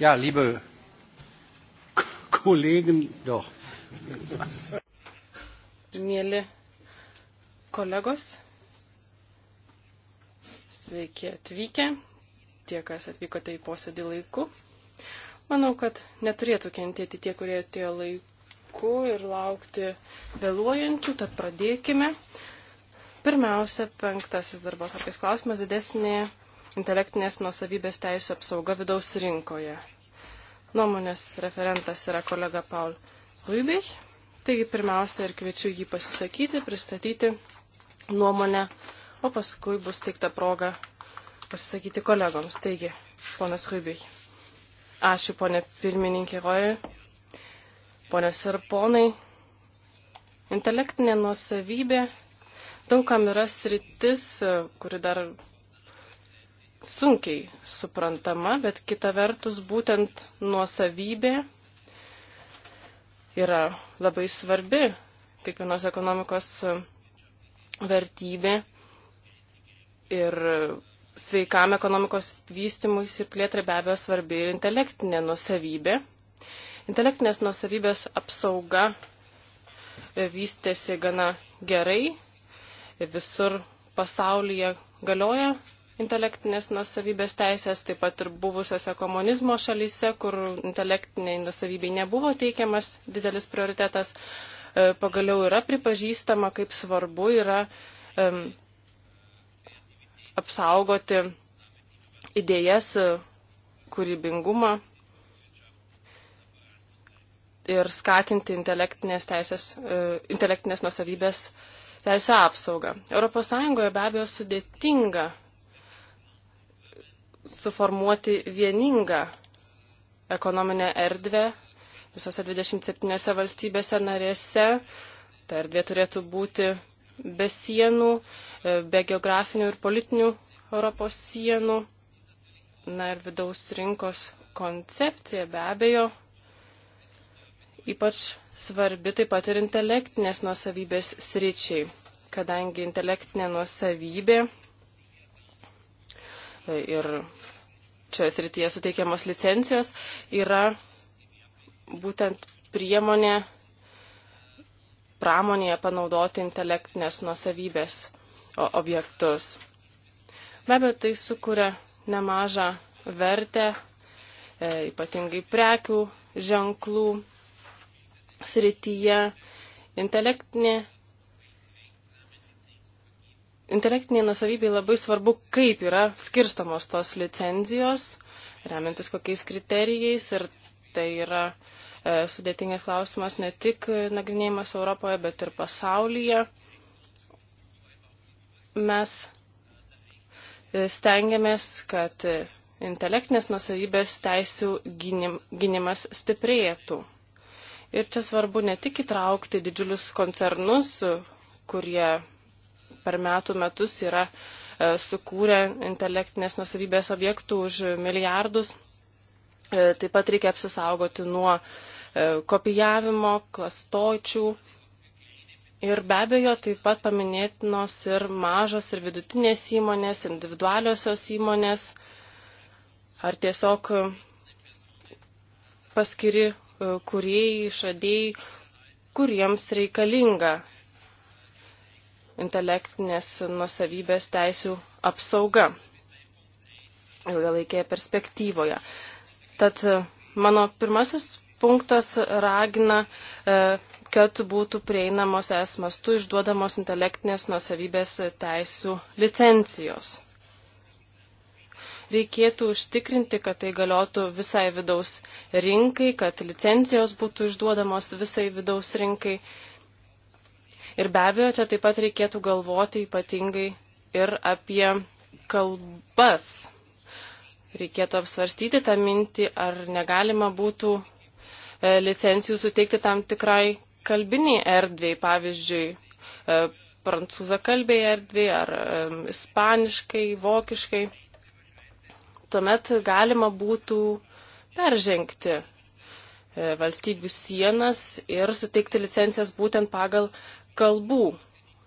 Ja, liebe Kollegen, doch. Mėly kolegos, sveiki atvykę, tie, kas atvykote į posėdį laiku. Manau, kad neturėtų kentėti tie, kurie atėjo laiku ir laukti vėluojančių, tad pradėkime. Pirmiausia, penktasis darbos apie klausimas didesnė intelektinės nuosavybės teisų apsauga vidaus rinkoje. Nuomonės referentas yra kolega Paul Ruibich. Taigi pirmiausia ir kviečiu jį pasisakyti, pristatyti nuomonę, o paskui bus teikta proga pasisakyti kolegoms. Taigi, ponas Ruibich. Ačiū, ponė pirmininkė Roja. Ponės ir ponai, intelektinė nuosavybė daugam yra sritis, kuri dar sunkiai suprantama, bet kita vertus būtent nuosavybė yra labai svarbi kiekvienos ekonomikos vertybė ir sveikam ekonomikos vystimui ir plėtrai be abejo svarbi ir intelektinė nuosavybė. Intelektinės nuosavybės apsauga vystėsi gana gerai, visur pasaulyje galioja intelektinės nusavybės teisės, taip pat ir buvusiose komunizmo šalyse, kur intelektiniai nusavybei nebuvo teikiamas didelis prioritetas, e, pagaliau yra pripažįstama, kaip svarbu yra um, apsaugoti idėjas, e, kūrybingumą ir skatinti intelektinės, teisės, e, intelektinės nusavybės teisę apsaugą. ES be abejo sudėtinga suformuoti vieningą ekonominę erdvę visose 27 valstybėse narėse. Ta erdvė turėtų būti be sienų, e, be geografinių ir politinių Europos sienų. Na ir vidaus rinkos koncepcija be abejo ypač svarbi taip pat ir intelektinės nuosavybės sričiai, kadangi intelektinė nuosavybė ir čia srityje suteikiamos licencijos yra būtent priemonė pramonėje panaudoti intelektinės nusavybės objektus. Be abejo, tai sukuria nemažą vertę, e, ypatingai prekių ženklų srityje. Intelektinė Intelektiniai nusavybei labai svarbu, kaip yra skirstamos tos licenzijos, remiantis kokiais kriterijais ir tai yra e, sudėtingas klausimas ne tik nagrinėjimas Europoje, bet ir pasaulyje. Mes e, stengiamės, kad intelektinės nusavybės teisių gynim, gynimas stiprėtų. Ir čia svarbu ne tik įtraukti didžiulius koncernus, kurie per metų metus yra e, sukūrę intelektinės nusavybės objektų už milijardus. E, taip pat reikia apsisaugoti nuo e, kopijavimo, klastočių. Ir be abejo, taip pat paminėtinos ir mažos ir vidutinės įmonės, individualiosios įmonės ar tiesiog paskiri kuriejai, išradėjai, kuriems reikalinga intelektinės nusavybės teisių apsauga ilgalaikėje perspektyvoje. Tad e, mano pirmasis punktas ragina, e, kad būtų prieinamos esmas tu išduodamos intelektinės nusavybės teisių licencijos. Reikėtų užtikrinti, kad tai galiotų visai vidaus rinkai, kad licencijos būtų išduodamos visai vidaus rinkai Ir be abejo, čia taip pat reikėtų galvoti ypatingai ir apie kalbas. Reikėtų apsvarstyti tą mintį, ar negalima būtų e, licencijų suteikti tam tikrai kalbiniai erdvėjai, pavyzdžiui, e, prancūzakalbėje erdvėje ar e, ispaniškai, vokiškai, tuomet galima būtų peržengti valstybių sienas ir suteikti licencijas būtent pagal kalbų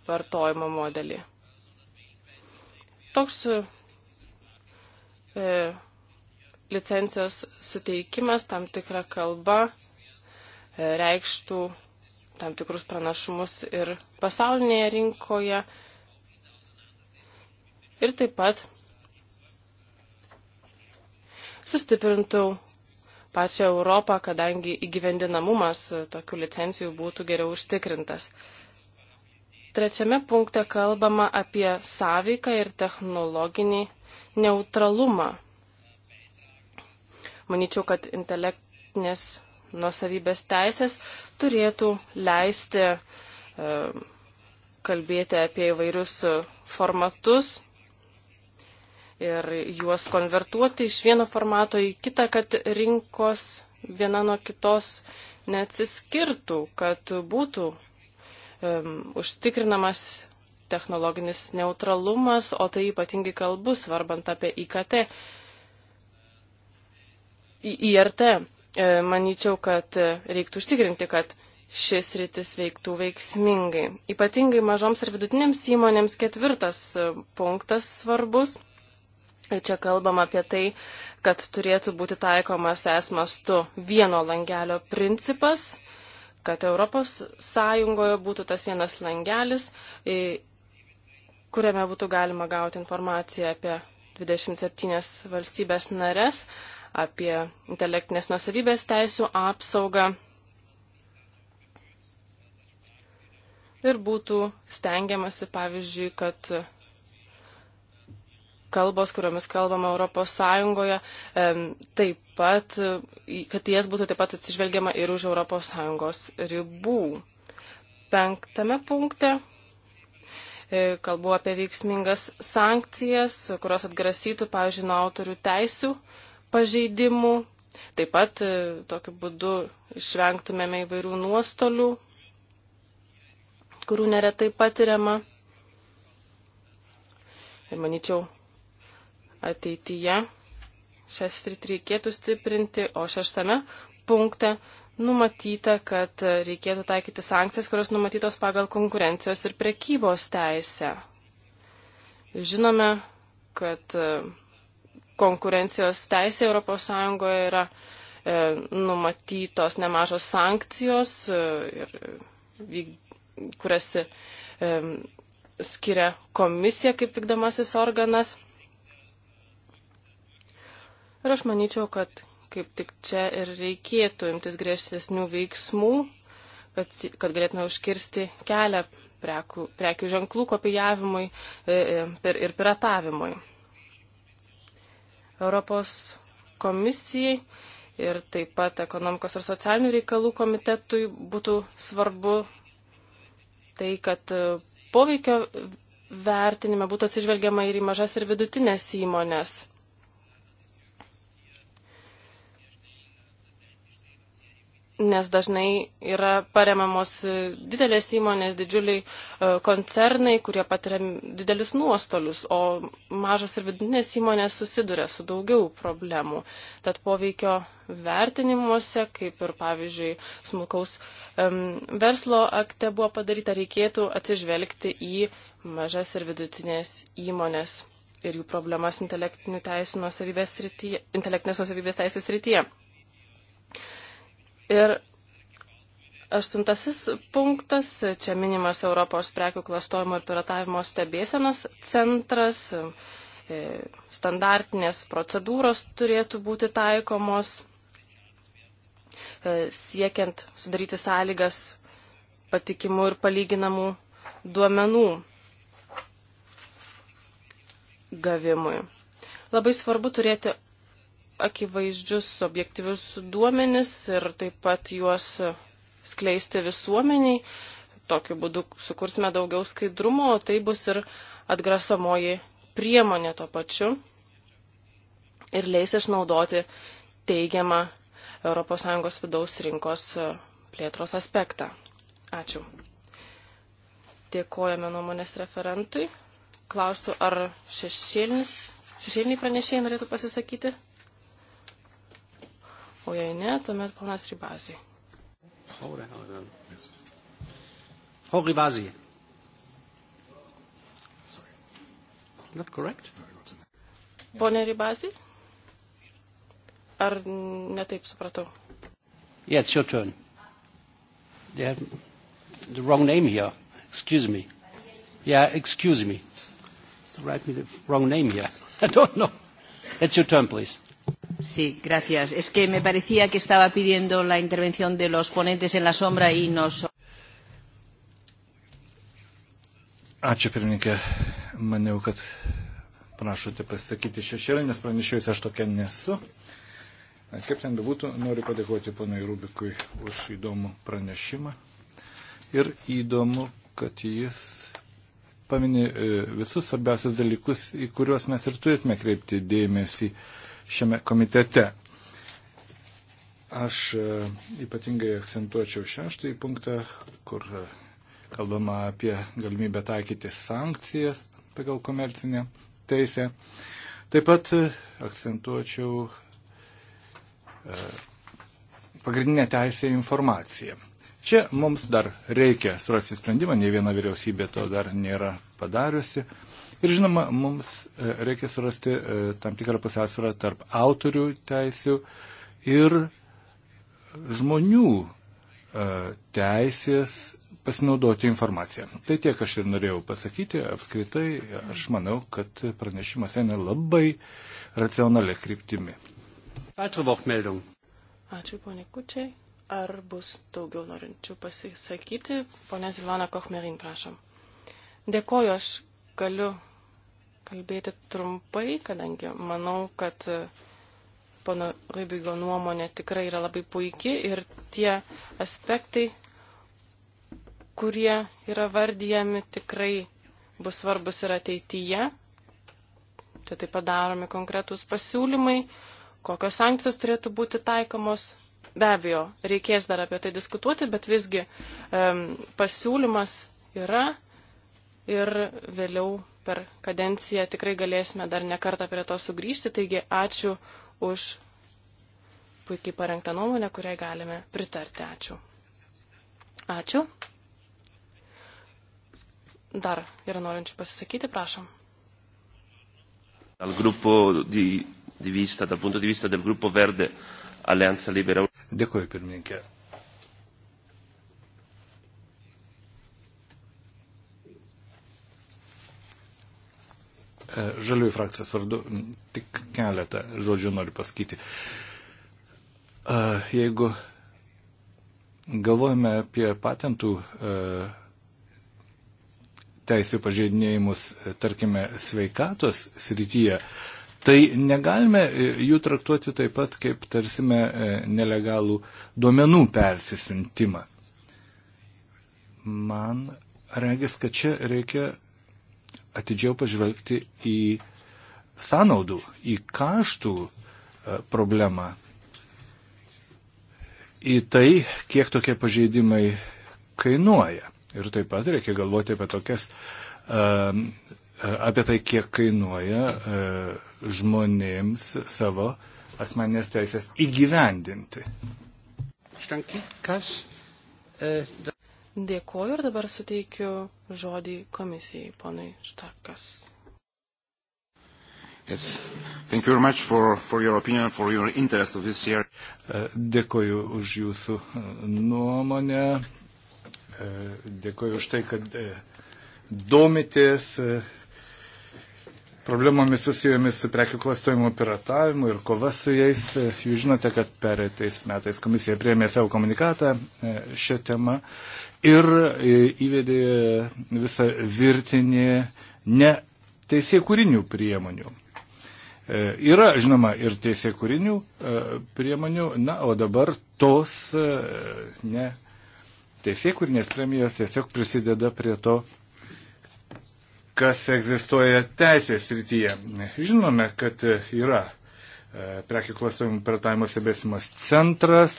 vartojimo modelį. Toks e, licencijos suteikimas tam tikrą kalbą e, reikštų tam tikrus pranašumus ir pasaulinėje rinkoje. Ir taip pat sustiprintų pačią Europą, kadangi įgyvendinamumas tokių licencijų būtų geriau užtikrintas. Trečiame punkte kalbama apie sąveiką ir technologinį neutralumą. Manyčiau, kad intelektinės nuosavybės teisės turėtų leisti e, kalbėti apie įvairius formatus ir juos konvertuoti iš vieno formato į kitą, kad rinkos viena nuo kitos neatsiskirtų, kad būtų um, užtikrinamas technologinis neutralumas, o tai ypatingai kalbu, svarbant apie IKT. Į IRT e, manyčiau, kad reiktų užtikrinti, kad šis rytis veiktų veiksmingai. Ypatingai mažoms ir vidutinėms įmonėms ketvirtas e, punktas svarbus. E, čia kalbam apie tai, kad turėtų būti taikomas esmas tu vieno langelio principas kad Europos Sąjungoje būtų tas vienas langelis, kuriame būtų galima gauti informaciją apie 27 valstybės nares, apie intelektinės nusavybės teisų apsaugą. Ir būtų stengiamasi, pavyzdžiui, kad kalbos, kuriomis kalbama Europos Sąjungoje, taip pat, kad jas būtų taip pat atsižvelgiama ir už Europos Sąjungos ribų. Penktame punkte e, kalbu apie veiksmingas sankcijas, kurios atgrasytų, pavyzdžiui, nuo autorių teisių pažeidimų. Taip pat e, tokiu būdu išvengtumėme įvairių nuostolių, kurių neretai patiriama. Ir manyčiau, ateityje šią sritį reikėtų stiprinti, o šeštame punkte numatyta, kad reikėtų taikyti sankcijas, kurios numatytos pagal konkurencijos ir prekybos teisę. Žinome, kad e, konkurencijos teisė ES yra e, numatytos nemažos sankcijos, e, ir, kurias e, skiria komisija kaip vykdomasis organas. Ir aš manyčiau, kad kaip tik čia ir reikėtų imtis griežtesnių veiksmų, kad, kad galėtume užkirsti kelią prekių, prekių ženklų kopijavimui ir, e, e, ir piratavimui. Europos komisijai ir taip pat ekonomikos ir socialinių reikalų komitetui būtų svarbu tai, kad e, poveikio vertinime būtų atsižvelgiama ir į mažas ir vidutinės įmonės. nes dažnai yra paremamos e, didelės įmonės, didžiuliai e, koncernai, kurie patiria didelius nuostolius, o mažas ir vidutinės įmonės susiduria su daugiau problemų. Tad poveikio vertinimuose, kaip ir pavyzdžiui smulkaus um, verslo akte buvo padaryta, reikėtų atsižvelgti į mažas ir vidutinės įmonės ir jų problemas intelektinių teisų nusavybės srityje, intelektinės nusavybės teisų srityje. Ir aštuntasis punktas, čia minimas Europos prekių klastojimo ir piratavimo stebėsenos centras, e, standartinės procedūros turėtų būti taikomos, e, siekiant sudaryti sąlygas patikimų ir palyginamų duomenų gavimui. Labai svarbu turėti akivaizdžius objektyvius duomenis ir taip pat juos skleisti visuomeniai. Tokiu būdu sukursime daugiau skaidrumo, o tai bus ir atgrasomoji priemonė to pačiu ir leis išnaudoti teigiamą ES vidaus rinkos plėtros aspektą. Ačiū. Dėkojame nuomonės referentui. Klausiu, ar šešėlinis, šešėliniai pranešėjai norėtų pasisakyti? o jei ne, tuomet ponas Ribazė. Frau Ribasi. Not correct? Pone Ribasi? Ar netaip supratau? Yeah, it's your turn. They have the wrong name here. Excuse me. Yeah, excuse me. Write me the wrong name here. I don't know. That's your turn, please. Sí, gracias. Es que me parecía que estaba pidiendo la intervención de los ponentes en la sombra y nos. Ačiū pirmininkė. Maniau, kad prašote pasakyti šešėlį, nes pranešėjus aš tokia nesu. Kaip ten bebūtų, noriu padėkoti ponui Rubikui už įdomų pranešimą. Ir įdomu, kad jis pamini e, visus svarbiausius dalykus, į kuriuos mes ir turėtume kreipti dėmesį. Uh, šiame komitete. Aš e, ypatingai akcentuočiau šeštąjį punktą, kur e, kalbama apie galimybę taikyti sankcijas pagal komercinę teisę. Taip pat e, akcentuočiau pagrindinę teisę į informaciją. Čia mums dar reikia surasti sprendimą, ne viena vyriausybė to dar nėra padariusi. Ir žinoma, mums e, reikia surasti e, tam tikrą pusiausvyrą tarp autorių teisių ir žmonių e, teisės pasinaudoti informaciją. Tai tiek aš ir norėjau pasakyti. Apskritai, aš manau, kad pranešimas eina labai racionalia kryptimi. Ačiū, ponė Kučiai. Ar bus daugiau norinčių pasisakyti? Pone Zilvana Kochmerin, prašom. Dėkoju, aš galiu kalbėti trumpai, kadangi manau, kad pono Rybigo nuomonė tikrai yra labai puikia ir tie aspektai, kurie yra vardyjami, tikrai bus svarbus ir ateityje. Čia taip padaromi konkretūs pasiūlymai, kokios sankcijos turėtų būti taikomos. Be abejo, reikės dar apie tai diskutuoti, bet visgi um, pasiūlymas yra ir vėliau per kadenciją tikrai galėsime dar nekartą prie to sugrįžti. Taigi ačiū už puikiai parengtą nuomonę, kuriai galime pritarti. Ačiū. Ačiū. Dar yra norinčių pasisakyti, prašom. Dėkuoju, pirmininkė. E, žaliųjų frakcijos vardu tik keletą žodžių noriu pasakyti. E, jeigu galvojame apie patentų e, teisų pažeidinėjimus, tarkime, sveikatos srityje, tai negalime jų traktuoti taip pat, kaip tarsime nelegalų duomenų persisintimą. Man regis, kad čia reikia atidžiau pažvelgti į sąnaudų, į kaštų e, problemą, į tai, kiek tokie pažeidimai kainuoja. Ir taip pat reikia galvoti apie tokias, e, e, apie tai, kiek kainuoja žmonėms savo asmenės teisės įgyvendinti. Dėkoju ir dabar suteikiu žodį komisijai, ponai Štarkas. Yes. Thank you very much for, for your opinion, for your interest of this year. E, dėkoju už jūsų e, nuomonę. E, dėkoju už tai, kad domitės problemomis susijomis su prekių klastojimu, piratavimu ir kova su jais. Jūs žinote, kad pereitais metais komisija priemė savo komunikatą šią temą ir e, įvedė visą virtinį neteisėkūrinių priemonių. E, yra, žinoma, ir teisėkūrinių e, priemonių, na, o dabar tos ne, teisėkūrinės premijos tiesiog prisideda prie to, kas egzistuoja teisės rytyje. Žinome, kad yra prekių klastojimų piratavimo stebėsimas centras,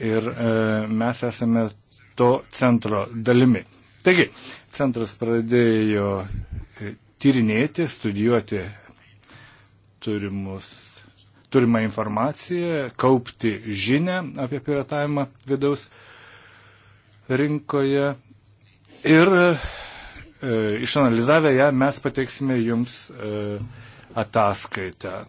ir e, mes esame to centro dalimi. Taigi, centras pradėjo e, tyrinėti, studijuoti turimus, turimą informaciją, kaupti žinę apie piratavimą vidaus rinkoje ir e, e, išanalizavę ją mes pateiksime jums e, ataskaitą.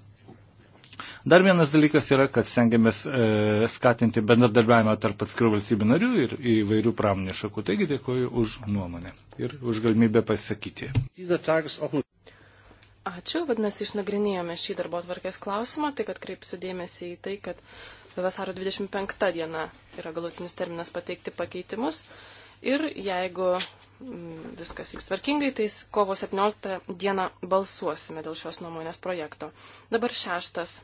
Dar vienas dalykas yra, kad stengiamės e, skatinti bendradarbiavimą tarp atskirų valstybių narių ir įvairių pramonės šakų. Taigi dėkoju už nuomonę ir už galimybę pasakyti. Ačiū, vadinasi, išnagrinėjome šį darbo atvarkės klausimą, tai kad kreipsiu dėmesį į tai, kad vasaro 25 diena yra galutinis terminas pateikti pakeitimus. Ir jeigu mm, viskas vyks tvarkingai, tai kovo 17 dieną balsuosime dėl šios nuomonės projekto. Dabar šeštas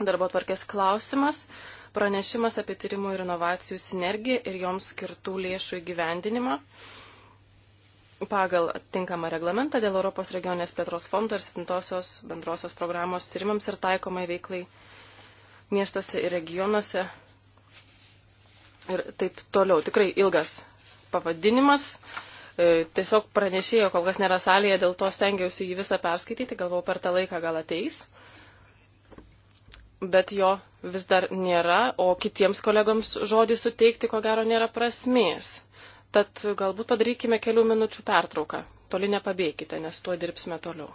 darbo tvarkės klausimas - pranešimas apie tyrimų ir inovacijų sinergiją ir joms skirtų lėšų įgyvendinimą pagal atitinkamą reglamentą dėl Europos regionės plėtros fondo ir 7 bendrosios programos tyrimams ir taikomai veiklai miestuose ir regionuose ir taip toliau. Tikrai ilgas pavadinimas. E, tiesiog pranešėjo, kol kas nėra salėje, dėl to stengiausi jį visą perskaityti, galvau per tą laiką gal ateis bet jo vis dar nėra, o kitiems kolegoms žodį suteikti, ko gero, nėra prasmės. Tad galbūt padarykime kelių minučių pertrauką. Toli nepabėgite, nes tuo dirbsime toliau.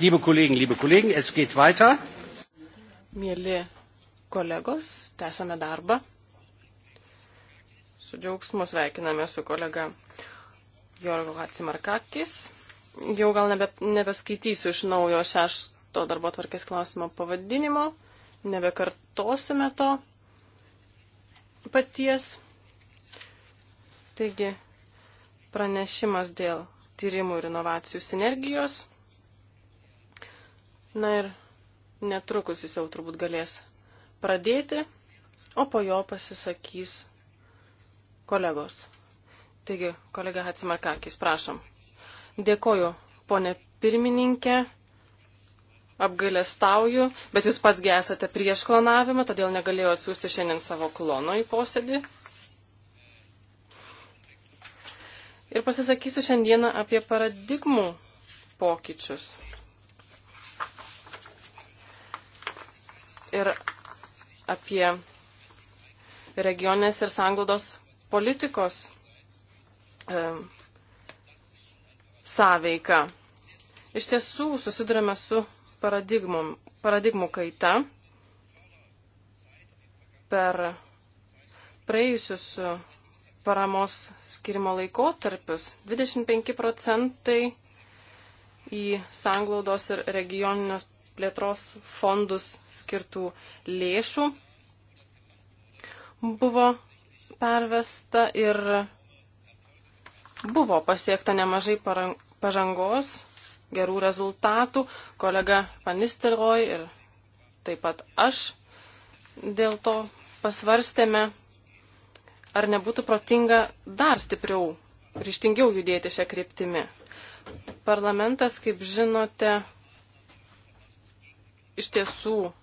Liebe Kollegen, liebe Kollegen, es geht weiter. Mėly kolegos, tęsame darbą. Su džiaugsmu sveikiname su kolega Jorgo Hatsimarkakis. Jau gal nebe, nebeskaitysiu iš naujo šešto darbo tvarkės klausimo pavadinimo, nebekartosime to paties. Taigi, pranešimas dėl tyrimų ir inovacijų sinergijos Na ir netrukus jis jau turbūt galės pradėti, o po jo pasisakys kolegos. Taigi, kolega Hatsimarkakis, prašom. Dėkoju, ponė pirmininkė, apgailestauju, bet jūs pats esate prieš klonavimą, todėl negalėjau atsiųsti šiandien savo klono į posėdį. Ir pasisakysiu šiandieną apie paradigmų pokyčius. ir apie regionės ir sanglaudos politikos e, sąveiką. Iš tiesų susidurime su paradigmų kaita per praėjusius paramos skirimo laikotarpius 25 procentai į sanglaudos ir regioninės plėtros fondus skirtų lėšų buvo pervesta ir buvo pasiekta nemažai pažangos, gerų rezultatų. Kolega Panisteroj ir taip pat aš dėl to pasvarstėme, ar nebūtų protinga dar stipriau, ryštingiau judėti šią kryptimį. Parlamentas, kaip žinote, iš tiesų e,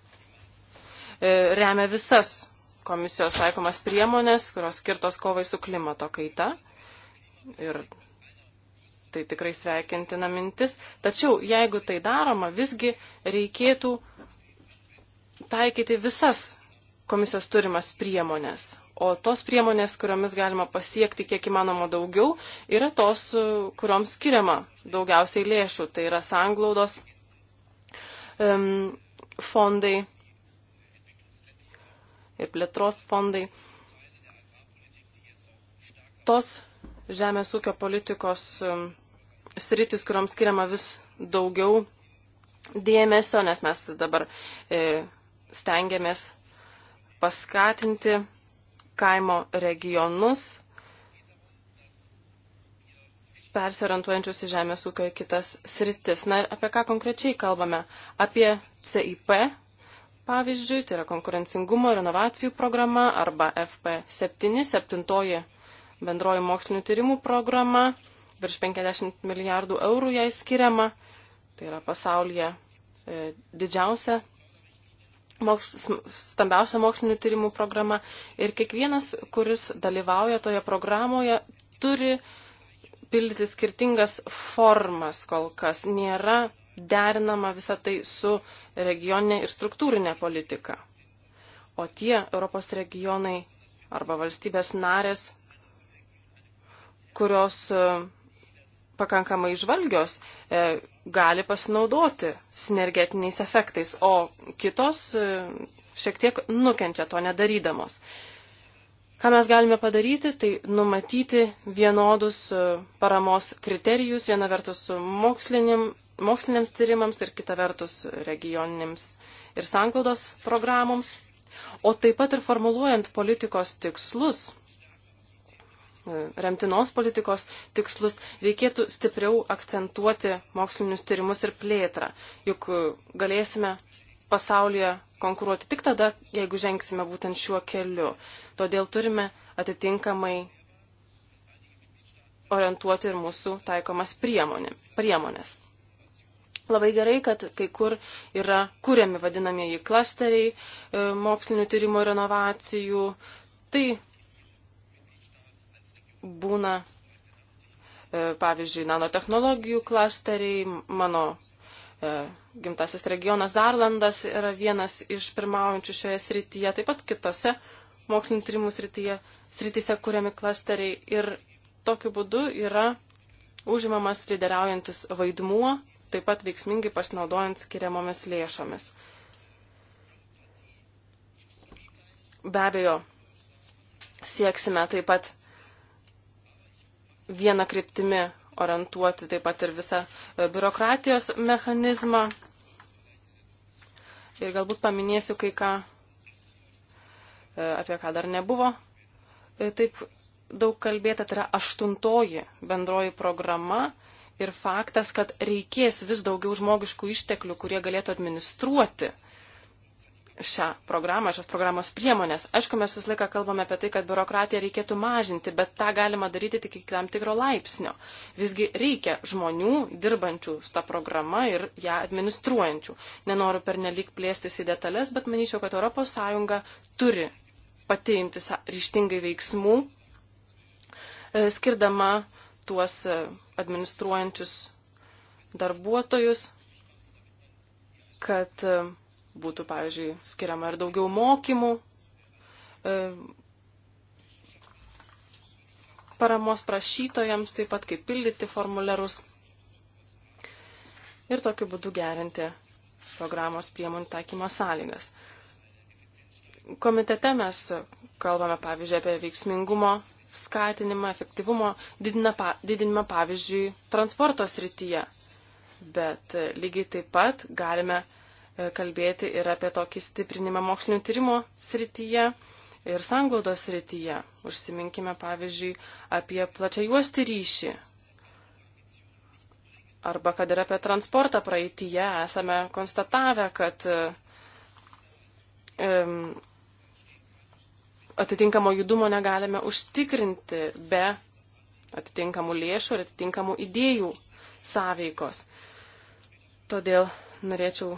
remia visas komisijos taikomas priemonės, kurios skirtos kovai su klimato kaita. Ir tai tikrai sveikintina mintis. Tačiau jeigu tai daroma, visgi reikėtų taikyti visas komisijos turimas priemonės. O tos priemonės, kuriomis galima pasiekti kiek įmanoma daugiau, yra tos, e, kurioms skiriama daugiausiai lėšų. Tai yra sanglaudos um, fondai ir plėtros fondai. Tos žemės ūkio politikos um, sritis, kuriuoms skiriama vis daugiau dėmesio, nes mes dabar e, stengiamės paskatinti kaimo regionus, persiorientuojančius į žemės ūkio į kitas sritis. Na ir apie ką konkrečiai kalbame? Apie CIP, pavyzdžiui, tai yra konkurencingumo ir inovacijų programa arba FP7, septintoji bendroji mokslinių tyrimų programa, virš 50 milijardų eurų jai skiriama, tai yra pasaulyje e, didžiausia moks, stambiausia mokslinių tyrimų programa ir kiekvienas, kuris dalyvauja toje programoje, turi pildyti skirtingas formas kol kas. Nėra derinama visa tai su regioninė ir struktūrinė politika. O tie Europos regionai arba valstybės narės, kurios e, pakankamai išvalgios, e, gali pasinaudoti sinergetiniais efektais, o kitos e, šiek tiek nukenčia to nedarydamos. Ką mes galime padaryti, tai numatyti vienodus paramos kriterijus, viena vertus moksliniam moksliniams tyrimams ir kita vertus regioninėms ir sanglaudos programoms, o taip pat ir formuluojant politikos tikslus, e, remtinos politikos tikslus, reikėtų stipriau akcentuoti mokslinius tyrimus ir plėtrą, juk galėsime pasaulyje konkuruoti tik tada, jeigu žengsime būtent šiuo keliu. Todėl turime atitinkamai orientuoti ir mūsų taikomas priemonė, priemonės. Labai gerai, kad kai kur yra kuriami vadinamieji klasteriai e, mokslinių tyrimų ir inovacijų. Tai būna, e, pavyzdžiui, nanotehnologijų klasteriai. Mano e, gimtasis regionas Zarlandas yra vienas iš pirmaujančių šioje srityje, taip pat kitose mokslinių tyrimų srityje, srityse kuriami klasteriai. Ir tokiu būdu yra užimamas lyderiaujantis vaidmuo taip pat veiksmingai pasinaudojant skiriamomis lėšomis. Be abejo, sieksime taip pat vieną kryptimį orientuoti taip pat ir visą e, biurokratijos mechanizmą. Ir galbūt paminėsiu kai ką, e, apie ką dar nebuvo e, taip daug kalbėta, tai yra aštuntoji bendroji programa ir faktas, kad reikės vis daugiau žmogiškų išteklių, kurie galėtų administruoti šią programą, šios programos priemonės. Aišku, mes visą laiką kalbame apie tai, kad biurokratiją reikėtų mažinti, bet tą galima daryti tik iki tam tikro laipsnio. Visgi reikia žmonių dirbančių su tą programą ir ją administruojančių. Nenoriu pernelyg plėstis į detalės, bet manyčiau, kad ES turi pati imtis ryštingai veiksmų, e, skirdama uh, tuos e, administruojančius darbuotojus, kad e, būtų, pavyzdžiui, skiriama ir daugiau mokymų e, paramos prašytojams, taip pat kaip pildyti formulerus ir tokiu būdu gerinti programos priemonių taikymo sąlygas. Komitete mes kalbame, pavyzdžiui, apie veiksmingumo skatinimą, efektyvumo didinimą, didinimą pavyzdžiui, transporto srityje. Bet e, lygiai taip pat galime e, kalbėti ir apie tokį stiprinimą mokslinio tyrimo srityje ir sanglaudos srityje. Užsiminkime, pavyzdžiui, apie plačią juostį ryšį. Arba kad ir apie transportą praeitįje esame konstatavę, kad um, atitinkamo judumo negalime užtikrinti be atitinkamų lėšų ir atitinkamų idėjų sąveikos. Todėl norėčiau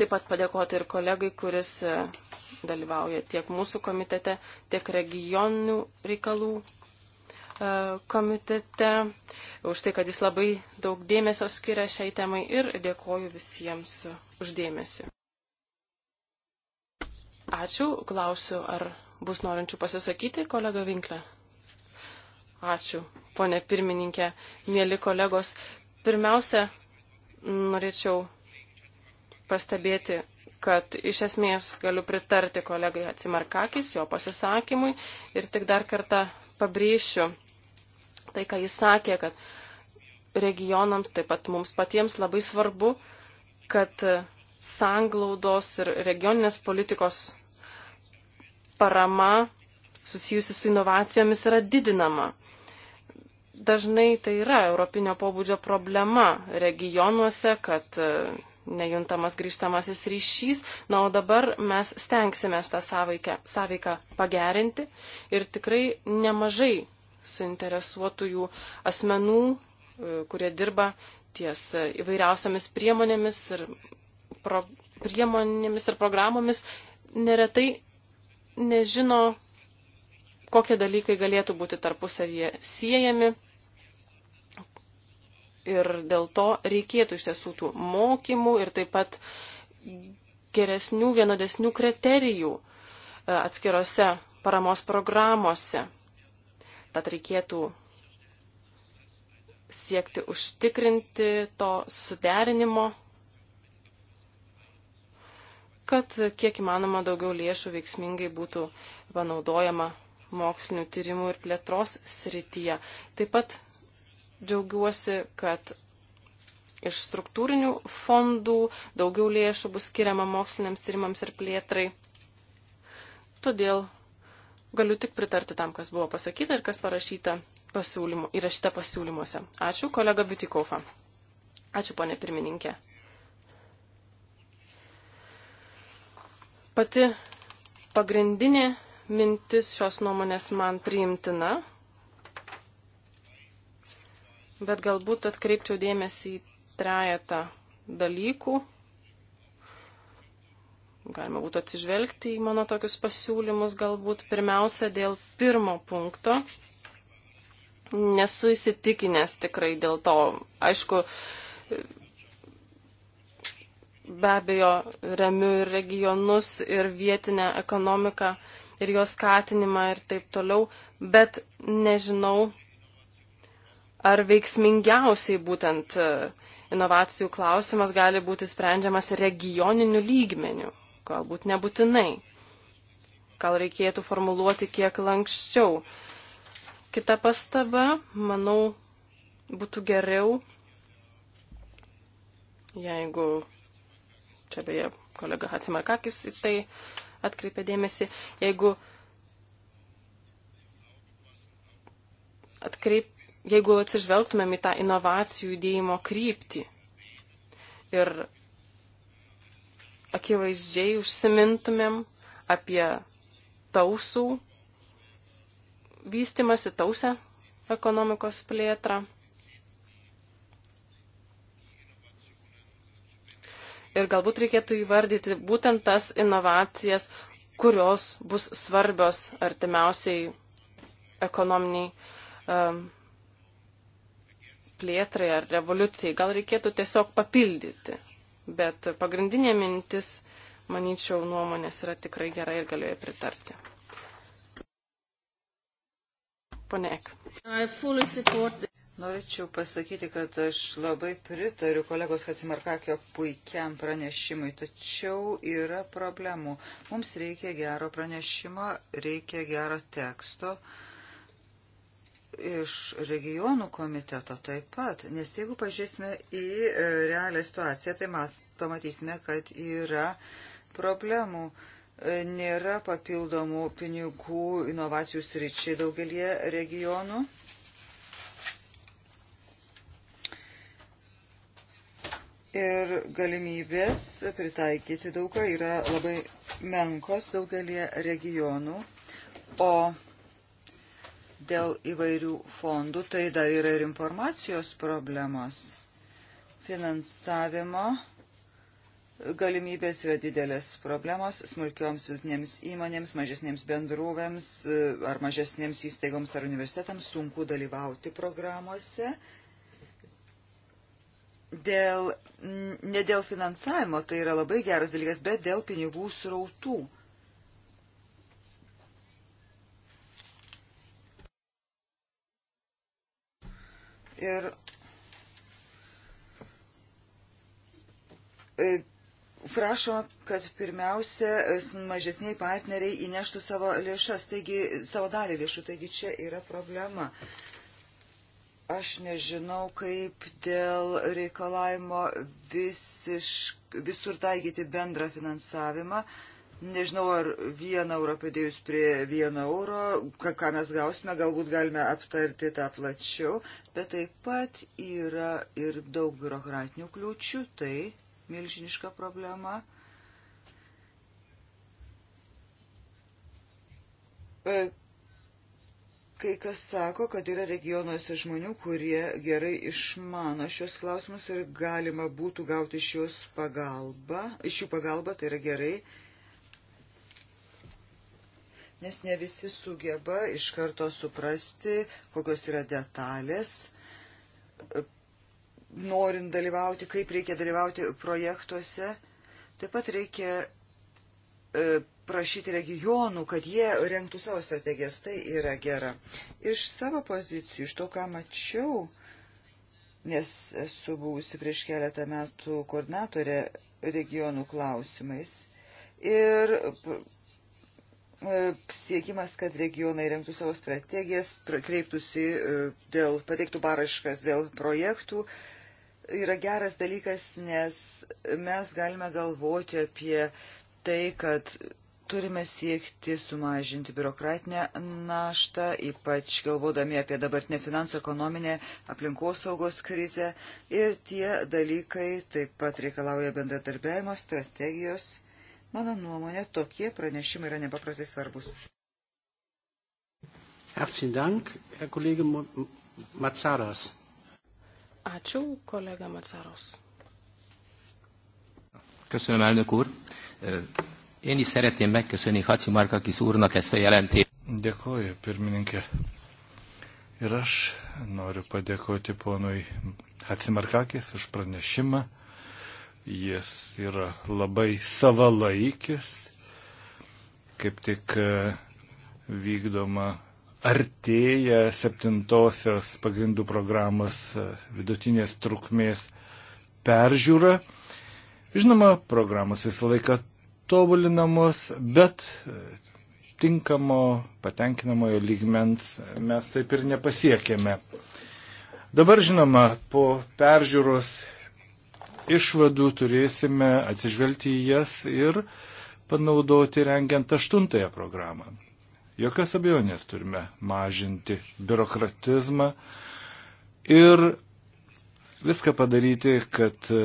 taip pat padėkoti ir kolegai, kuris e, dalyvauja tiek mūsų komitete, tiek regioninių reikalų e, komitete, už tai, kad jis labai daug dėmesio skiria šiai temai ir dėkoju visiems uždėmesi. Ačiū, klausiu, ar bus norinčių pasisakyti, kolega Vinklė. Ačiū, ponė pirmininkė, mėly kolegos. Pirmiausia, norėčiau pastebėti, kad iš esmės galiu pritarti kolegai Atsimarkakis, jo pasisakymui ir tik dar kartą pabrėšiu tai, ką jis sakė, kad regionams, taip pat mums patiems labai svarbu, kad sanglaudos ir regioninės politikos parama susijusi su inovacijomis yra didinama. Dažnai tai yra europinio pobūdžio problema regionuose, kad e, nejuntamas grįžtamasis ryšys. Na, o dabar mes stengsime tą sąveiką, sąveiką pagerinti ir tikrai nemažai suinteresuotųjų asmenų, e, kurie dirba ties e, įvairiausiamis priemonėmis ir, pro, priemonėmis ir programomis, neretai nežino, kokie dalykai galėtų būti tarpusavyje siejami. Ir dėl to reikėtų iš tiesų tų mokymų ir taip pat geresnių, vienodesnių kriterijų e, atskirose paramos programuose. Tad reikėtų siekti užtikrinti to suderinimo kad kiek įmanoma daugiau lėšų veiksmingai būtų panaudojama mokslinių tyrimų ir plėtros srityje. Taip pat džiaugiuosi, kad iš struktūrinių fondų daugiau lėšų bus skiriama moksliniams tyrimams ir plėtrai. Todėl galiu tik pritarti tam, kas buvo pasakyta ir kas parašyta pasiūlymu, įrašyta pasiūlymuose. Ačiū, kolega Biutikaufa. Ačiū, ponė pirmininkė. Pati pagrindinė mintis šios nuomonės man priimtina, bet galbūt atkreipčiau dėmesį į trejetą dalykų. Galima būtų atsižvelgti į mano tokius pasiūlymus, galbūt pirmiausia dėl pirmo punkto. Nesu įsitikinęs tikrai dėl to. Aišku, be abejo remiu ir regionus, ir vietinę ekonomiką, ir jos skatinimą ir taip toliau, bet nežinau, ar veiksmingiausiai būtent e, inovacijų klausimas gali būti sprendžiamas regioniniu lygmeniu, galbūt nebūtinai. Gal reikėtų formuluoti kiek lankščiau. Kita pastaba, manau, būtų geriau, jeigu čia beje kolega Hatsimarkakis į tai atkreipė dėmesį, jeigu, atkreip, jeigu atsižvelgtumėm į tą inovacijų judėjimo kryptį ir akivaizdžiai užsimintumėm apie tausų vystimasi, tausę ekonomikos plėtrą ir galbūt reikėtų įvardyti būtent tas inovacijas, kurios bus svarbios artimiausiai ekonominiai um, plėtrai ar revoliucijai. Gal reikėtų tiesiog papildyti. Bet pagrindinė mintis, manyčiau, nuomonės yra tikrai gera ir galiu ją pritarti. Ponek. Norėčiau pasakyti, kad aš labai pritariu kolegos Hatsimarkakio puikiam pranešimui, tačiau yra problemų. Mums reikia gero pranešimo, reikia gero teksto iš regionų komiteto taip pat, nes jeigu pažiūrėsime į e, realią situaciją, tai mat, pamatysime, kad yra problemų e, nėra papildomų pinigų inovacijų sričiai daugelie regionų. ir galimybės pritaikyti daugą yra labai menkos daugelie regionų, o dėl įvairių fondų tai dar yra ir informacijos problemos. Finansavimo galimybės yra didelės problemos smulkioms vidutinėms įmonėms, mažesnėms bendrovėms e, ar mažesnėms įstaigoms ar universitetams sunku dalyvauti programuose dėl, ne dėl finansavimo, tai yra labai geras dalykas, bet dėl pinigų srautų. Ir e, prašo, kad pirmiausia mažesniai partneriai įneštų savo lėšas, taigi savo dalį lėšų, taigi čia yra problema. Uh, Aš nežinau, kaip dėl reikalavimo visišk, visur taikyti bendrą finansavimą. Nežinau, ar vieną eurą pridėjus prie vieno euro, ką, ką mes gausime, galbūt galime aptarti tą plačiau, bet taip pat yra ir daug biurokratinių kliūčių, tai milžiniška problema. E, Kai kas sako, kad yra regionuose žmonių, kurie gerai išmano šios klausimus ir galima būtų gauti iš, pagalba, iš jų pagalbą, tai yra gerai, nes ne visi sugeba iš karto suprasti, kokios yra detalės, norint dalyvauti, kaip reikia dalyvauti projektuose. Taip pat reikia e, prašyti regionų, kad jie renktų savo strategijas. Tai yra gera. Iš savo pozicijų, iš to, ką mačiau, nes esu buvusi prieš keletą metų koordinatorė regionų klausimais. Ir e, siekimas, kad regionai rengtų savo strategijas, kreiptųsi e, dėl, pateiktų paraškas dėl projektų, yra geras dalykas, nes mes galime galvoti apie tai, kad Turime siekti sumažinti biurokratinę naštą, ypač galvodami apie dabartinę finansų ekonominę aplinkosaugos krizę. Ir tie dalykai taip pat reikalauja bendradarbiavimo strategijos. Mano nuomonė, tokie pranešimai yra nepaprastai svarbus. Herzlichen Dank, Herr Kollege Matsaras. Ačiū, kolega Matsaros. Köszönöm, elnök úr. Én is szeretném megköszönni Haci Markakis úrnak ezt a jelentést. Dėkoju, pirmininkė. Ir aš noriu padėkoti ponui Hatsimarkakis už pranešimą. Jis yra labai savalaikis, kaip tik e, vykdoma artėja septintosios pagrindų programos e, vidutinės trukmės peržiūra. Žinoma, programos visą laiką tobulinamos, bet e, tinkamo, patenkinamojo lygmens mes taip ir nepasiekėme. Dabar žinoma, po peržiūros išvadų turėsime atsižvelgti į jas ir panaudoti rengiant aštuntąją programą. Jokios abejonės turime mažinti biurokratizmą ir viską padaryti, kad e,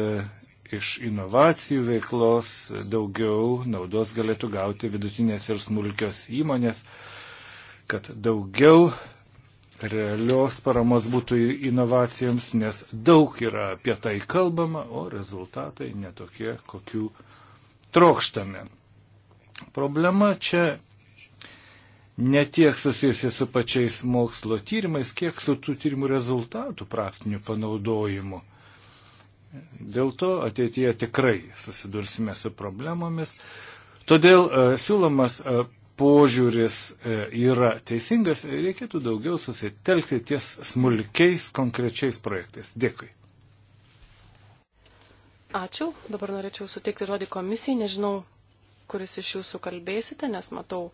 iš inovacijų veiklos daugiau naudos galėtų gauti vidutinės ir smulkios įmonės, kad daugiau realios paramos būtų inovacijoms, nes daug yra apie tai kalbama, o rezultatai netokie, kokių trokštame. Problema čia ne tiek susijusi su pačiais mokslo tyrimais, kiek su tų tyrimų rezultatų praktiniu panaudojimu. Dėl to ateityje tikrai susidursime su problemomis. Todėl e, siūlomas e, požiūris e, yra teisingas ir reikėtų daugiau susitelkti ties smulkiais konkrečiais projektais. Dėkui. Ačiū. Dabar norėčiau suteikti žodį komisijai. Nežinau, kuris iš jūsų kalbėsite, nes matau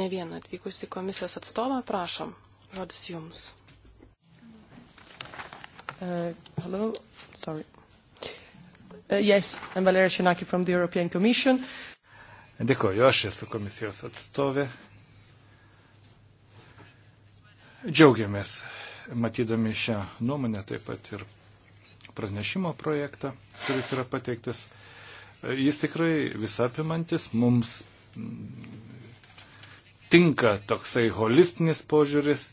ne vieną atvykusi komisijos atstovą. Prašom, žodis jums. Uh, hello. Sorry. Uh, yes, I'm Valeria Shinaki from the European Commission. Dėkoju, aš esu komisijos atstovė. Džiaugiamės matydami šią nuomonę, taip pat ir pranešimo projektą, kuris yra pateiktas. Uh, jis tikrai visapimantis, mums mm, tinka toksai holistinis požiūris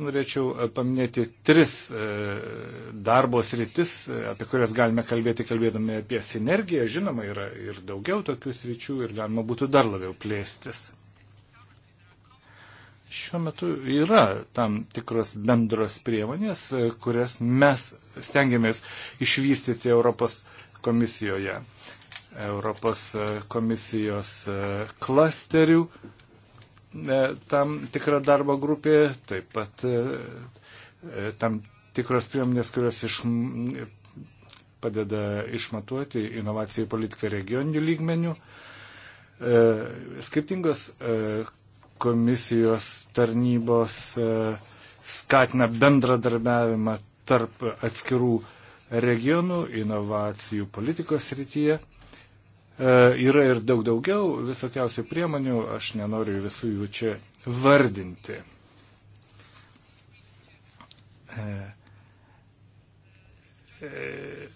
Norėčiau e, paminėti tris e, darbos rytis, e, apie kurias galime kalbėti, kalbėdami apie sinergiją. Žinoma, yra ir daugiau tokių sričių ir galima būtų dar labiau plėstis. Šiuo metu yra tam tikros bendros priemonės, kurias mes stengiamės išvystyti Europos komisijoje. Europos komisijos klasterių E, tam tikra darbo grupė, taip pat e, e, tam tikros priemonės, kurios iš, padeda išmatuoti inovacijų politiką regioninių lygmenių. Skirtingos komisijos tarnybos skatina bendradarbiavimą tarp atskirų regionų inovacijų politikos rytyje. E, yra ir daug daugiau visokiausių priemonių, aš nenoriu visų jų čia vardinti. E, e,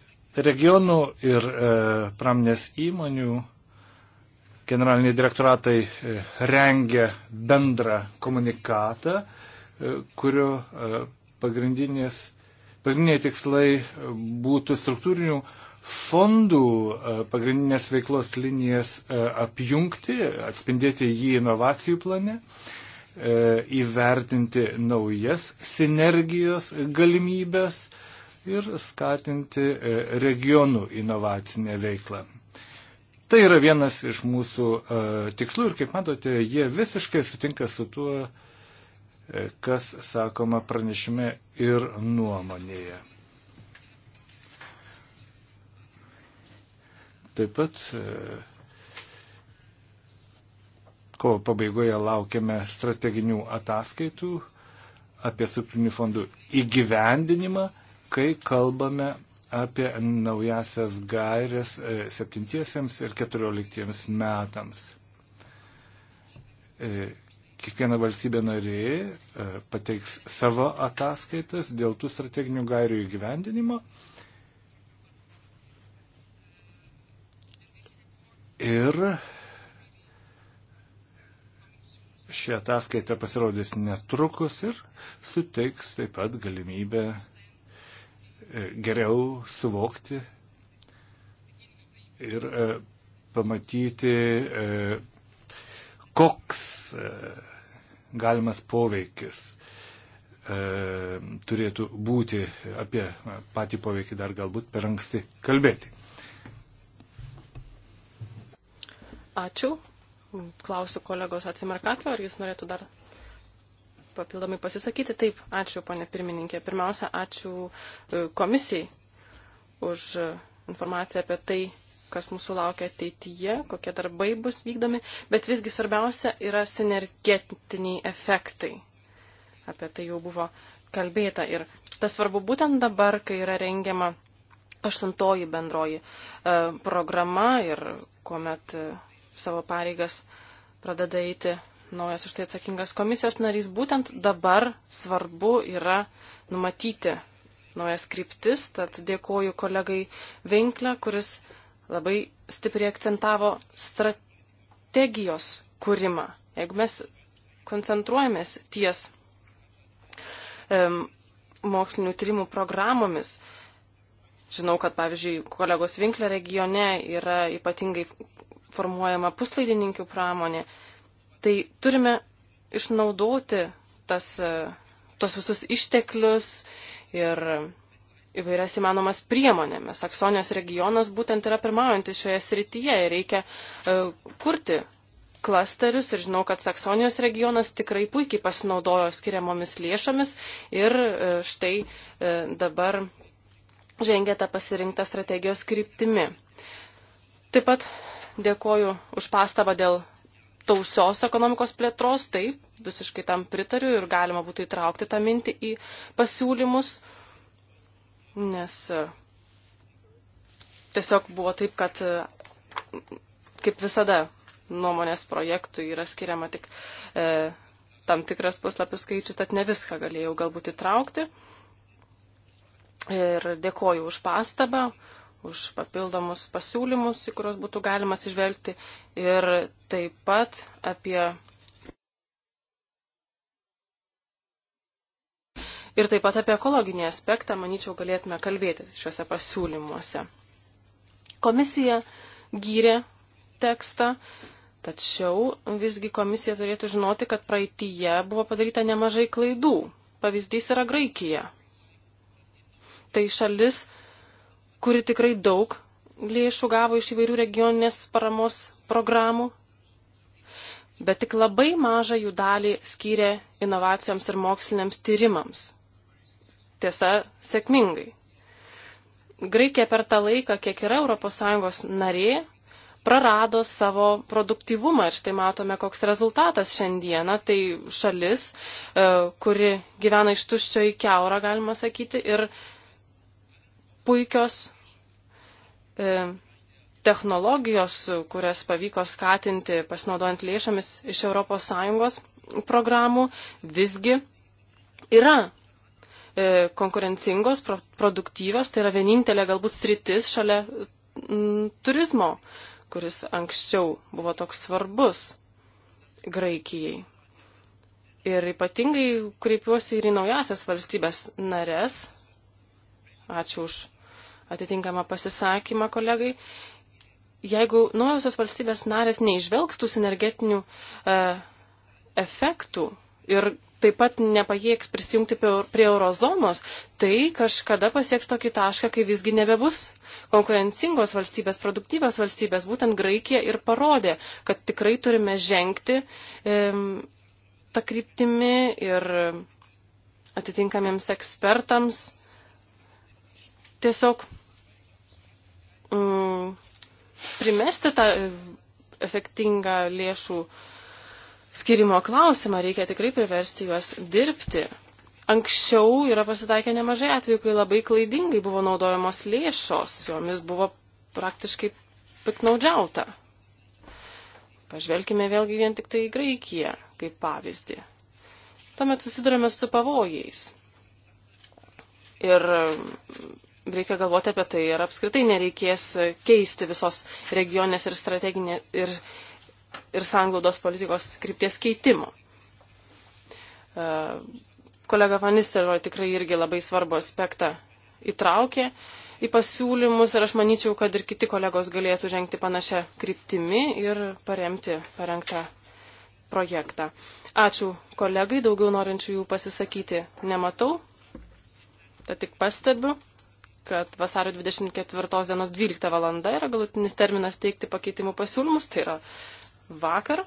regionų ir pramonės įmonių generaliniai direktoratai rengia bendrą komunikatą, kurio pagrindiniai tikslai būtų struktūrinių fondų e, pagrindinės veiklos linijas e, apjungti, atspindėti jį inovacijų plane, e, įvertinti naujas sinergijos galimybės ir skatinti regionų inovacinę veiklą. Tai yra vienas iš mūsų tikslų ir, kaip matote, jie visiškai sutinka su tuo, kas sakoma pranešime ir nuomonėje. Taip pat e, kovo pabaigoje laukiame strateginių ataskaitų apie struktūrinių fondų įgyvendinimą, kai kalbame apie naujasias gairias 7 e, ir 14 metams. E, kiekviena valstybė narė pateiks savo ataskaitas dėl tų strateginių gairių įgyvendinimo Ir ši ataskaita pasirodys netrukus ir suteiks taip pat galimybę e, geriau suvokti ir e, pamatyti, e, koks galimas poveikis turėtų būti apie patį poveikį dar galbūt per anksti kalbėti. Ačiū. Klausiu kolegos Atsimarkakio, ar jis norėtų dar papildomai pasisakyti. Taip, ačiū, ponė pirmininkė. Pirmiausia, ačiū e, komisijai už informaciją apie tai, kas mūsų laukia ateityje, kokie darbai bus vykdomi, bet visgi svarbiausia yra sinergetiniai efektai. Apie tai jau buvo kalbėta ir tas svarbu būtent dabar, kai yra rengiama aštuntoji bendroji e, programa ir kuomet savo pareigas pradeda eiti naujas už tai atsakingas komisijos narys, būtent dabar svarbu yra numatyti naujas kryptis, tad dėkoju kolegai Vinklę, kuris labai stipriai akcentavo strategijos kūrimą. Jeigu mes koncentruojamės ties um, mokslinių tyrimų programomis, žinau, kad pavyzdžiui, kolegos Vinklė regione yra ypatingai formuojama puslaidininkių pramonė. Tai turime išnaudoti tas, e, tos visus išteklius ir įvairias įmanomas priemonėmis. Saksonijos regionas būtent yra pirmaujantis šioje srityje ir reikia uh, kurti klasterius ir žinau, kad Saksonijos regionas tikrai puikiai pasinaudojo skiriamomis lėšomis ir uh, štai uh, dabar žengia tą pasirinktą strategijos kryptimi. Taip pat Dėkoju už pastabą dėl tausios ekonomikos plėtros. Taip, visiškai tam pritariu ir galima būtų įtraukti tą mintį į pasiūlymus, nes e, tiesiog buvo taip, kad e, kaip visada nuomonės projektui yra skiriama tik e, tam tikras puslapių skaičius, tad ne viską galėjau galbūt įtraukti. Ir dėkoju už pastabą, už papildomus pasiūlymus, į kuriuos būtų galima atsižvelgti. Ir taip pat apie. Ir taip pat apie ekologinį aspektą, manyčiau, galėtume kalbėti šiuose pasiūlymuose. Komisija gyrė tekstą, tačiau visgi komisija turėtų žinoti, kad praeitįje buvo padaryta nemažai klaidų. Pavyzdys yra Graikija. Tai šalis, kuri tikrai daug lėšų gavo iš įvairių regioninės paramos programų, bet tik labai mažą jų dalį skyrė inovacijoms ir moksliniams tyrimams. Tiesa, sėkmingai. Graikija per tą laiką, kiek yra ES narė, prarado savo produktivumą ir štai matome, koks rezultatas šiandieną. Tai šalis, e, kuri gyvena iš tuščio į keurą, galima sakyti, ir puikios E, technologijos, kurias pavyko skatinti pasinaudojant lėšomis iš ES programų, visgi yra e, konkurencingos, produktyvios, tai yra vienintelė galbūt sritis šalia turizmo, kuris anksčiau buvo toks svarbus Graikijai. Ir ypatingai kreipiuosi ir į naujasias valstybės nares. Ačiū už atitinkamą pasisakymą kolegai. Jeigu naujosios valstybės narės neižvelgstų sinergetinių e, efektų ir taip pat nepajėgs prisijungti prie eurozonos, tai kažkada pasieks tokį tašką, kai visgi nebebus konkurencingos valstybės, produktyvios valstybės. Būtent Graikija ir parodė, kad tikrai turime žengti e, tą kryptimį ir atitinkamiems ekspertams tiesiog mm, primesti tą efektingą lėšų skirimo klausimą, reikia tikrai priversti juos dirbti. Anksčiau yra pasitaikę nemažai atvejų, kai labai klaidingai buvo naudojamos lėšos, jomis buvo praktiškai piknaudžiauta. Pažvelkime vėlgi vien tik tai į Graikiją kaip pavyzdį. Tuomet susidurime su pavojais. Ir reikia galvoti apie tai, ar apskritai nereikės keisti visos regioninės ir strateginės ir, ir sanglaudos politikos krypties keitimo. E, kolega Vanistero tikrai irgi labai svarbu aspektą įtraukė į pasiūlymus ir aš manyčiau, kad ir kiti kolegos galėtų žengti panašią kryptimį ir paremti parengtą projektą. Ačiū kolegai, daugiau norinčių jų pasisakyti nematau, tad tik pastebiu kad vasario 24 dienos 12 valanda yra galutinis terminas teikti pakeitimų pasiūlymus, tai yra vakar.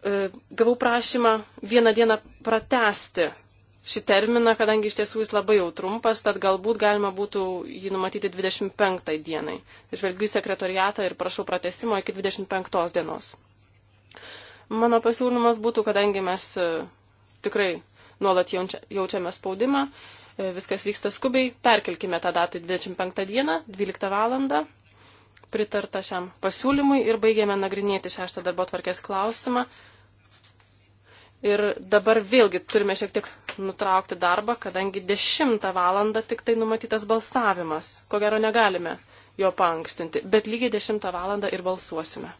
E, gavau prašymą vieną dieną pratesti šį terminą, kadangi iš tiesų jis labai jau trumpas, tad galbūt galima būtų jį numatyti 25 dienai. Žvelgiu į sekretoriatą ir prašau pratesimo iki 25 dienos. Mano pasiūlymas būtų, kadangi mes e, tikrai nuolat jaučiame spaudimą, e, viskas vyksta skubiai, perkelkime tą datą 25 dieną, 12 valandą, pritarta šiam pasiūlymui ir baigėme nagrinėti šeštą darbo tvarkės klausimą. Ir dabar vėlgi turime šiek tiek nutraukti darbą, kadangi 10 valandą tik tai numatytas balsavimas. Ko gero negalime jo pankstinti, bet lygiai 10 valandą ir balsuosime.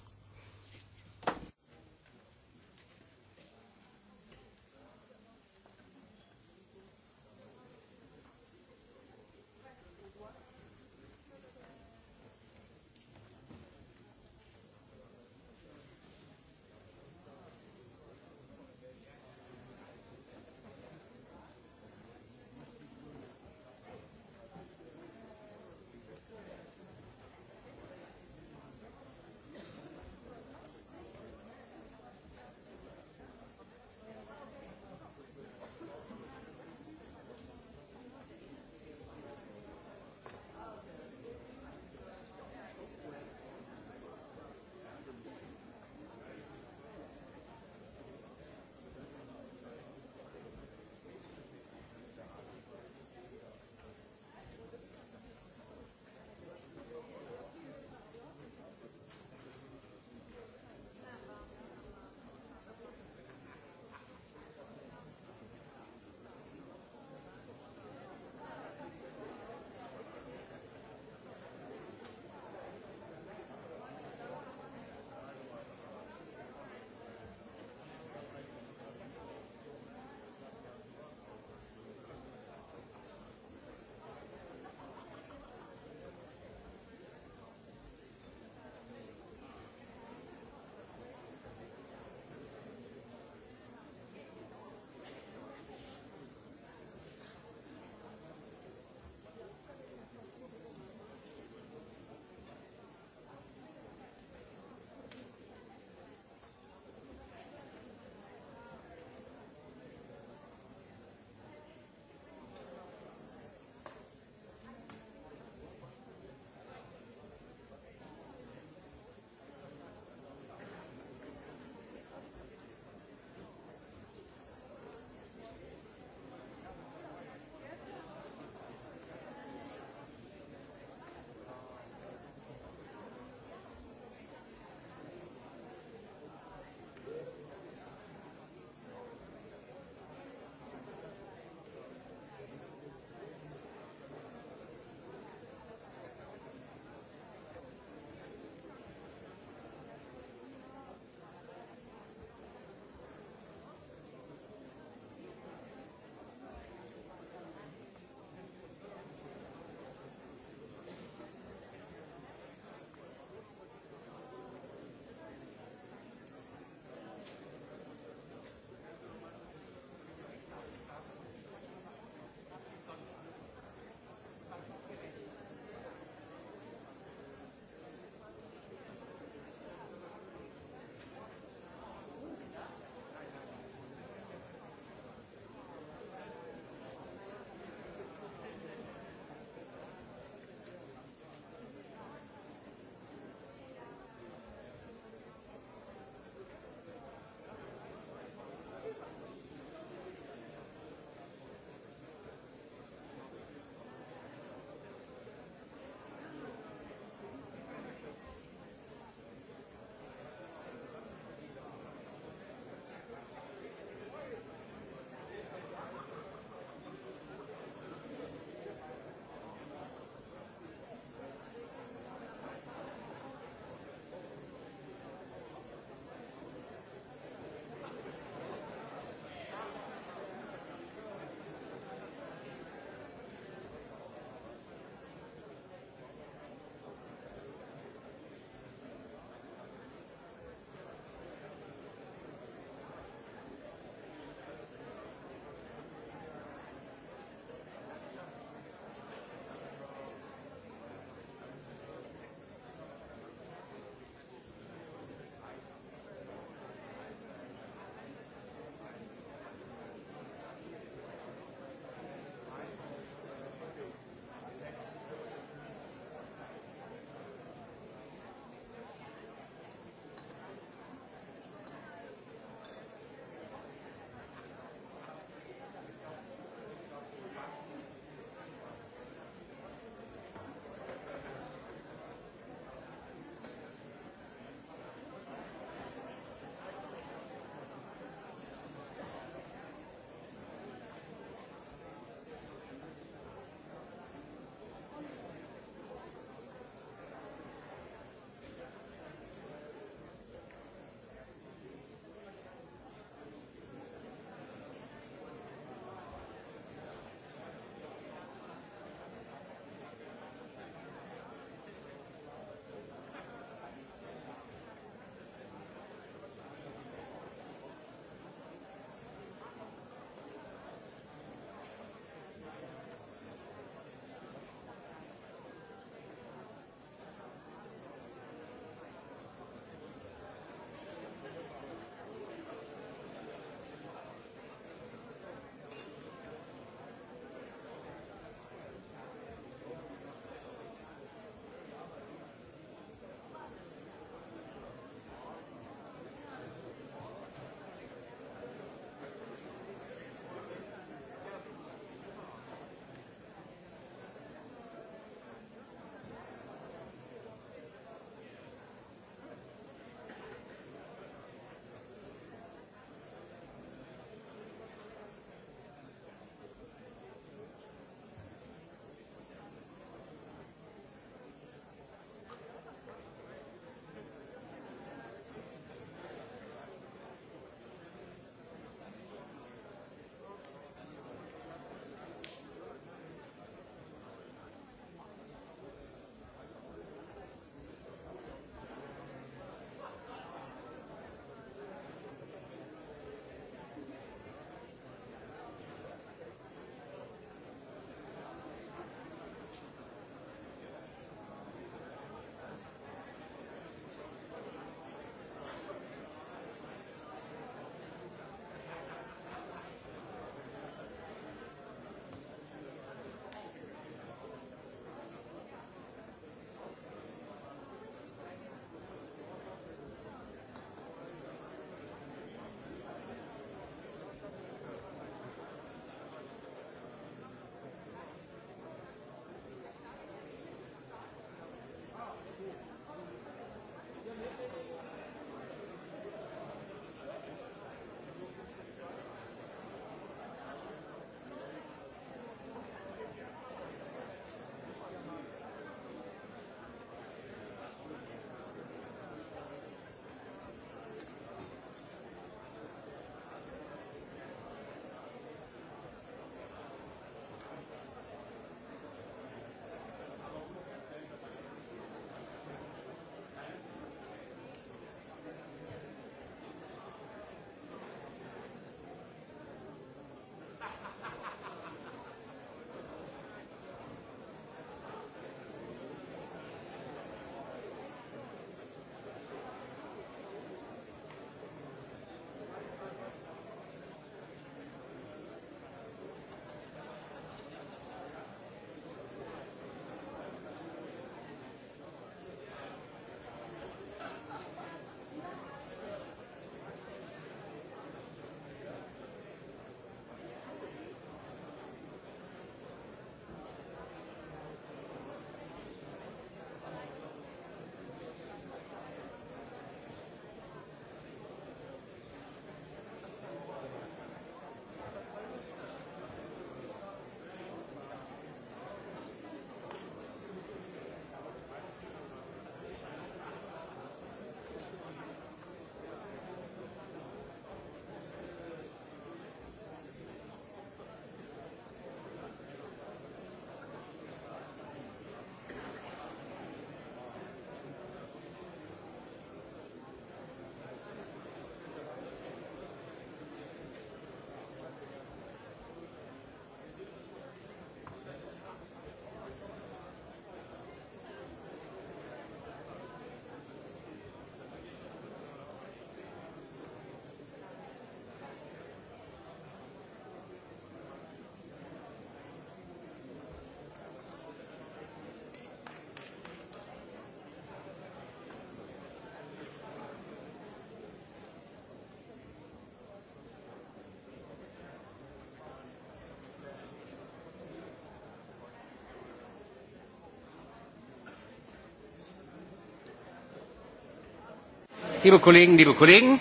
Liebe Kollegen, liebe Kollegen,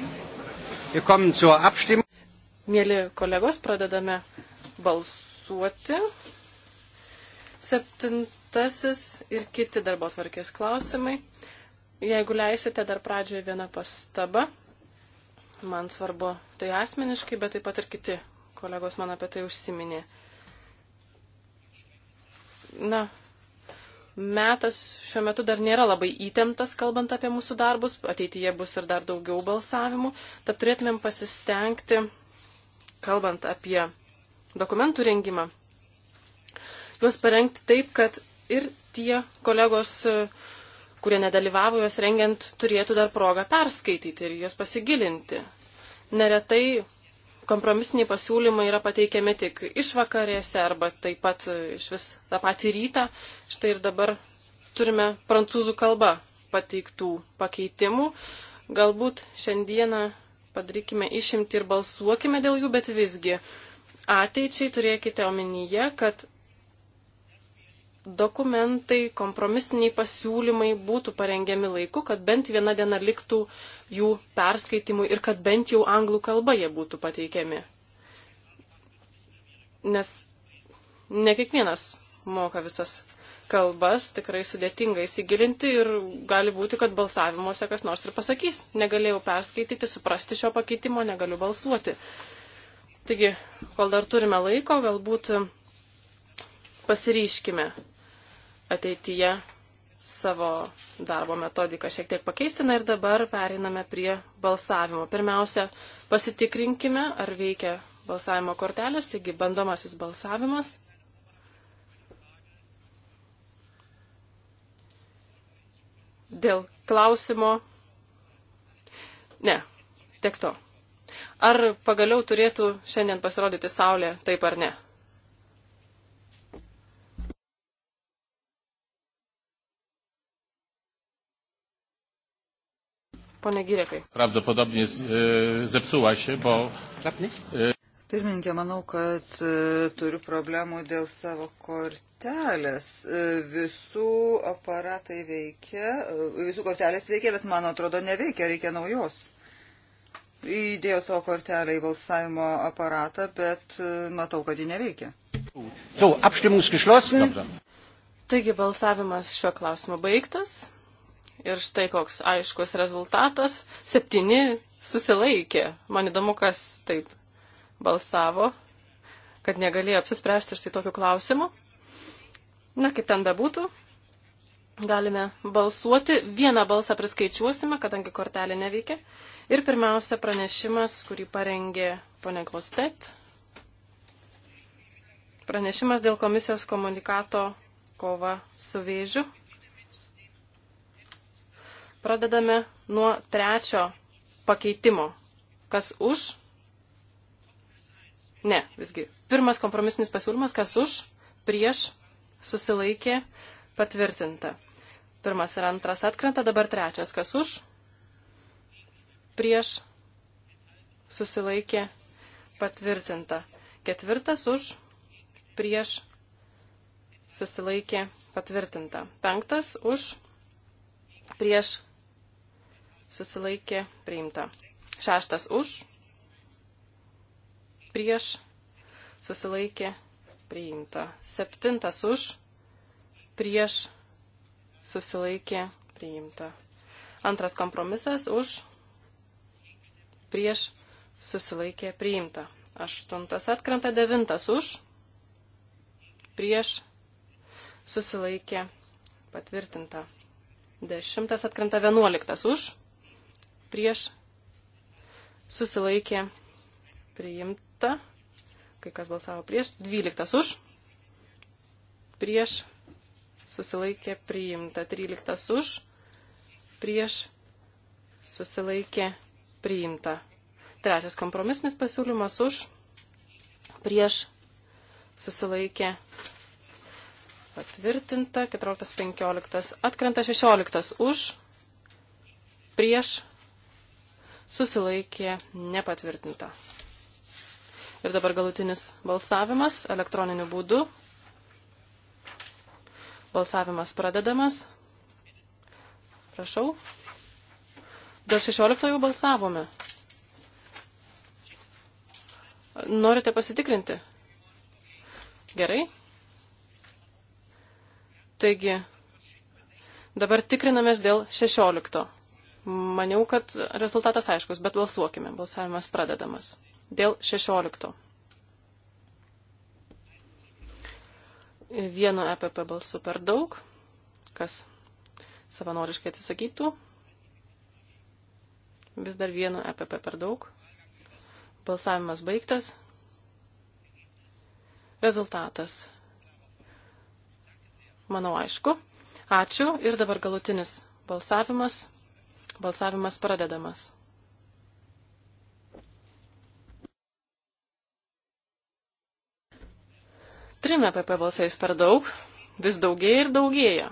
wir kommen zur Abstimmung. Mėly kolegos, pradedame balsuoti. Septintasis ir kiti darbo tvarkės klausimai. Jeigu leisite, dar pradžioje viena pastaba. Man svarbu tai asmeniškai, bet taip pat ir kiti kolegos man apie tai užsiminė. Na, metas šiuo metu dar nėra labai įtemptas, kalbant apie mūsų darbus. Ateityje bus ir dar daugiau balsavimų. Tad turėtumėm pasistengti, kalbant apie dokumentų rengimą, juos parengti taip, kad ir tie kolegos, kurie nedalyvavo juos rengiant, turėtų dar progą perskaityti ir juos pasigilinti. Neretai kompromisiniai pasiūlymai yra pateikiami tik išvakarėse arba taip pat iš vis tą patį rytą. Štai ir dabar turime prancūzų kalba pateiktų pakeitimų. Galbūt šiandieną padarykime išimti ir balsuokime dėl jų, bet visgi ateičiai turėkite omenyje, kad dokumentai, kompromisiniai pasiūlymai būtų parengiami laiku, kad bent viena diena liktų uh, jų perskaitimui ir kad bent jau anglų kalba jie būtų pateikiami. Nes ne kiekvienas moka visas kalbas, tikrai sudėtinga įsigilinti ir gali būti, kad balsavimuose kas nors ir pasakys, negalėjau perskaityti, suprasti šio pakeitimo, negaliu balsuoti. Taigi, kol dar turime laiko, galbūt pasiryškime ateityje savo darbo metodiką šiek tiek pakeisti. Na ir dabar pereiname prie balsavimo. Pirmiausia, pasitikrinkime, ar veikia balsavimo kortelės, taigi bandomasis balsavimas. Dėl klausimo. Ne, tiek to. Ar pagaliau turėtų šiandien pasirodyti saulė, taip ar ne? Pone Girekai. Pravdopodobnie e, zepsuła się, bo... E, Pirmininkė, manau, kad e, turiu problemų dėl savo kortelės. Visų aparatai veikia, visų kortelės veikia, bet man atrodo neveikia, reikia naujos. Įdėjau savo kortelę į balsavimo aparatą, bet matau, kad ji neveikia. So, Taigi balsavimas šiuo klausimu baigtas. Ir štai koks aiškus rezultatas. Septyni susilaikė. Man įdomu, kas taip balsavo, kad negalėjo apsispręsti štai tokiu klausimu. Na, kaip ten bebūtų, galime balsuoti. Vieną balsą priskaičiuosime, kadangi kortelė neveikia. Ir pirmiausia pranešimas, kurį parengė ponė Klostet. Pranešimas dėl komisijos komunikato kova su vėžiu. Pradedame nuo trečio pakeitimo. Kas už? Ne, visgi. Pirmas kompromisinis pasiūlymas, kas už, prieš, susilaikė, patvirtinta. Pirmas ir antras atkrenta, dabar trečias, kas už, prieš, susilaikė, patvirtinta. Ketvirtas už, prieš, susilaikė, patvirtinta. Penktas už, prieš, susilaikė priimta. Šeštas už, prieš susilaikė priimta. Septintas už, prieš susilaikė priimta. Antras kompromisas už, prieš susilaikė priimta. Aštuntas atkrenta, devintas už, prieš susilaikė patvirtinta. Dešimtas atkrenta, vienuoliktas už, prieš susilaikė priimta, kai kas balsavo prieš, 12 už, prieš susilaikė priimta, 13 už, prieš susilaikė priimta. Trečias kompromisnis pasiūlymas už, prieš susilaikė patvirtinta, 14.15 atkrenta 16 už, prieš susilaikė nepatvirtinta. Ir dabar galutinis balsavimas elektroniniu būdu. Balsavimas pradedamas. Prašau. Dėl 16 jau balsavome. Norite pasitikrinti? Gerai. Taigi, dabar tikrinamės dėl 16. Maniau, kad rezultatas aiškus, bet balsuokime. Balsavimas pradedamas. Dėl 16. Vieno EPP balsu per daug, kas savanoriškai atsisakytų. Vis dar vieno EPP per daug. Balsavimas baigtas. Rezultatas. Manau, aišku. Ačiū ir dabar galutinis balsavimas. Balsavimas pradedamas. Trim EPP balsais per daug, vis daugėja ir daugėja.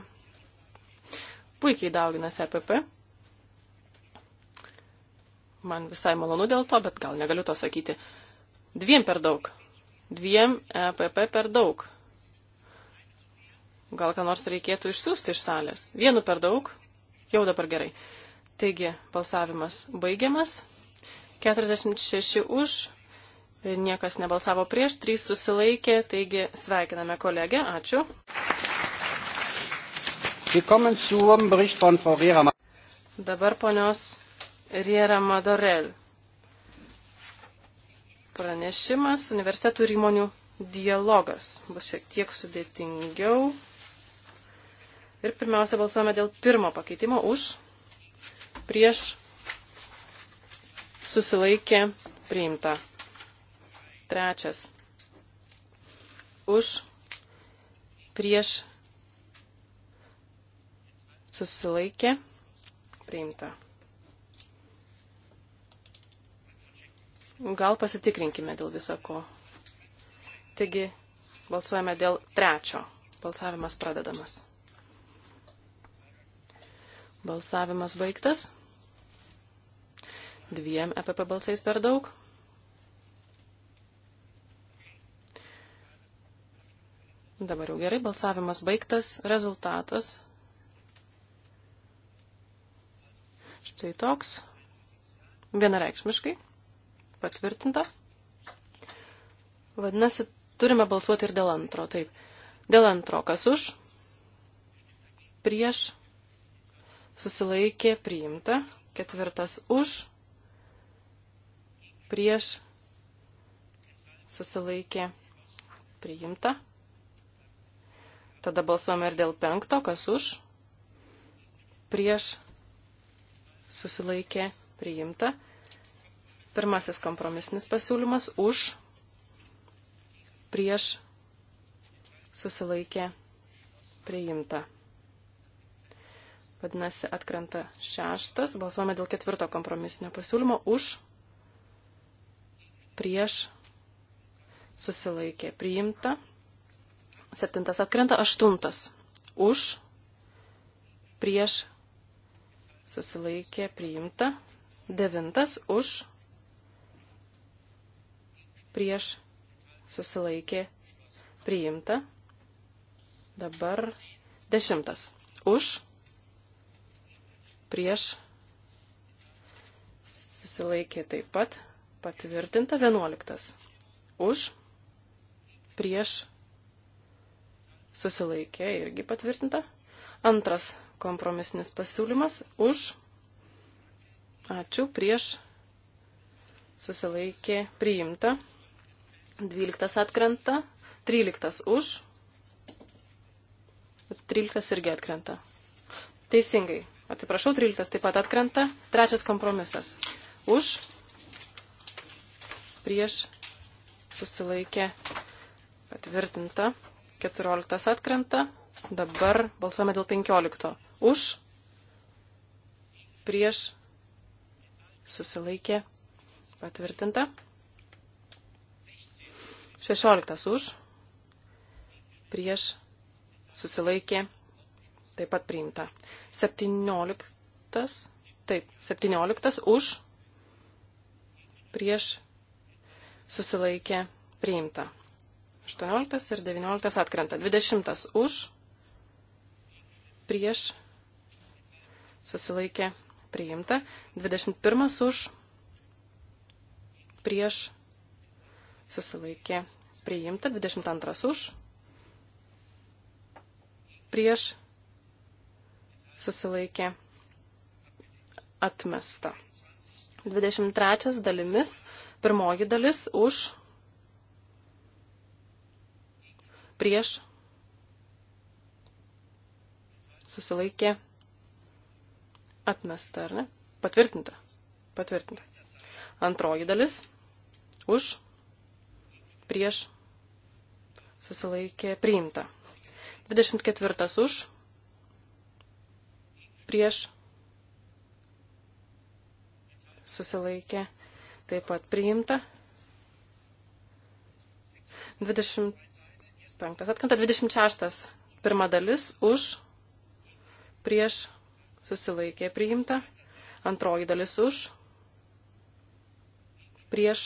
Puikiai dauginasi EPP. Man visai malonu dėl to, bet gal negaliu to sakyti. Dviem per daug. Dviem EPP per daug. Gal ką nors reikėtų išsiųsti iš salės. Vienu per daug. Jau dabar gerai. Taigi, balsavimas baigiamas. 46 už, niekas nebalsavo prieš, 3 susilaikė, taigi sveikiname kolegę, ačiū. Dabar ponios Riera Madorel. Pranešimas universitetų ir įmonių dialogas bus šiek tiek sudėtingiau. Ir pirmiausia balsuojame dėl pirmo pakeitimo už prieš susilaikė priimta. Trečias. Už prieš susilaikė priimta. Gal pasitikrinkime dėl visako. Taigi, balsuojame dėl trečio. Balsavimas pradedamas. Balsavimas baigtas dviem EPP balsais per daug. Dabar jau gerai, balsavimas baigtas, rezultatas. Štai toks. Vienareikšmiškai. Patvirtinta. Vadinasi, turime balsuoti ir dėl antro. Taip. Dėl antro, kas už, prieš, susilaikė, priimta. Ketvirtas už, prieš susilaikė priimta. Tada balsuojame ir dėl penkto, kas už, prieš susilaikė priimta. Pirmasis kompromisinis pasiūlymas už, prieš susilaikė priimta. Vadinasi, atkrenta šeštas, balsuojame dėl ketvirto kompromisinio pasiūlymo už, prieš susilaikė priimta. Septintas atkrenta, aštuntas už, prieš susilaikė priimta. Devintas už, prieš susilaikė priimta. Dabar dešimtas už, prieš susilaikė taip pat Patvirtinta 11. Už, prieš, susilaikė irgi patvirtinta. Antras kompromisinis pasiūlymas už, ačiū, prieš, susilaikė priimta. 12 atkrenta, 13 už, 13 irgi atkrenta. Teisingai, atsiprašau, 13 taip pat atkrenta. Trečias kompromisas už, prieš susilaikė patvirtinta, 14 atkrenta, dabar balsuojame dėl 15. Už, prieš susilaikė patvirtinta, 16 už, prieš susilaikė taip pat priimta, 17, taip, 17 už, prieš susilaikė priimta. 18 ir 19 atkrenta. 20 už, prieš susilaikė priimta. 21 už, prieš susilaikė priimta. 22 už, prieš susilaikė atmesta. 23 dalimis Pirmoji dalis už, prieš, susilaikė, atmesta, ar ne? Patvirtinta. Patvirtinta. Antroji dalis už, prieš, susilaikė, priimta. 24 už, prieš, susilaikė, taip pat priimta. 25 atkanta, 26 pirma dalis už, prieš susilaikė priimta, antroji dalis už, prieš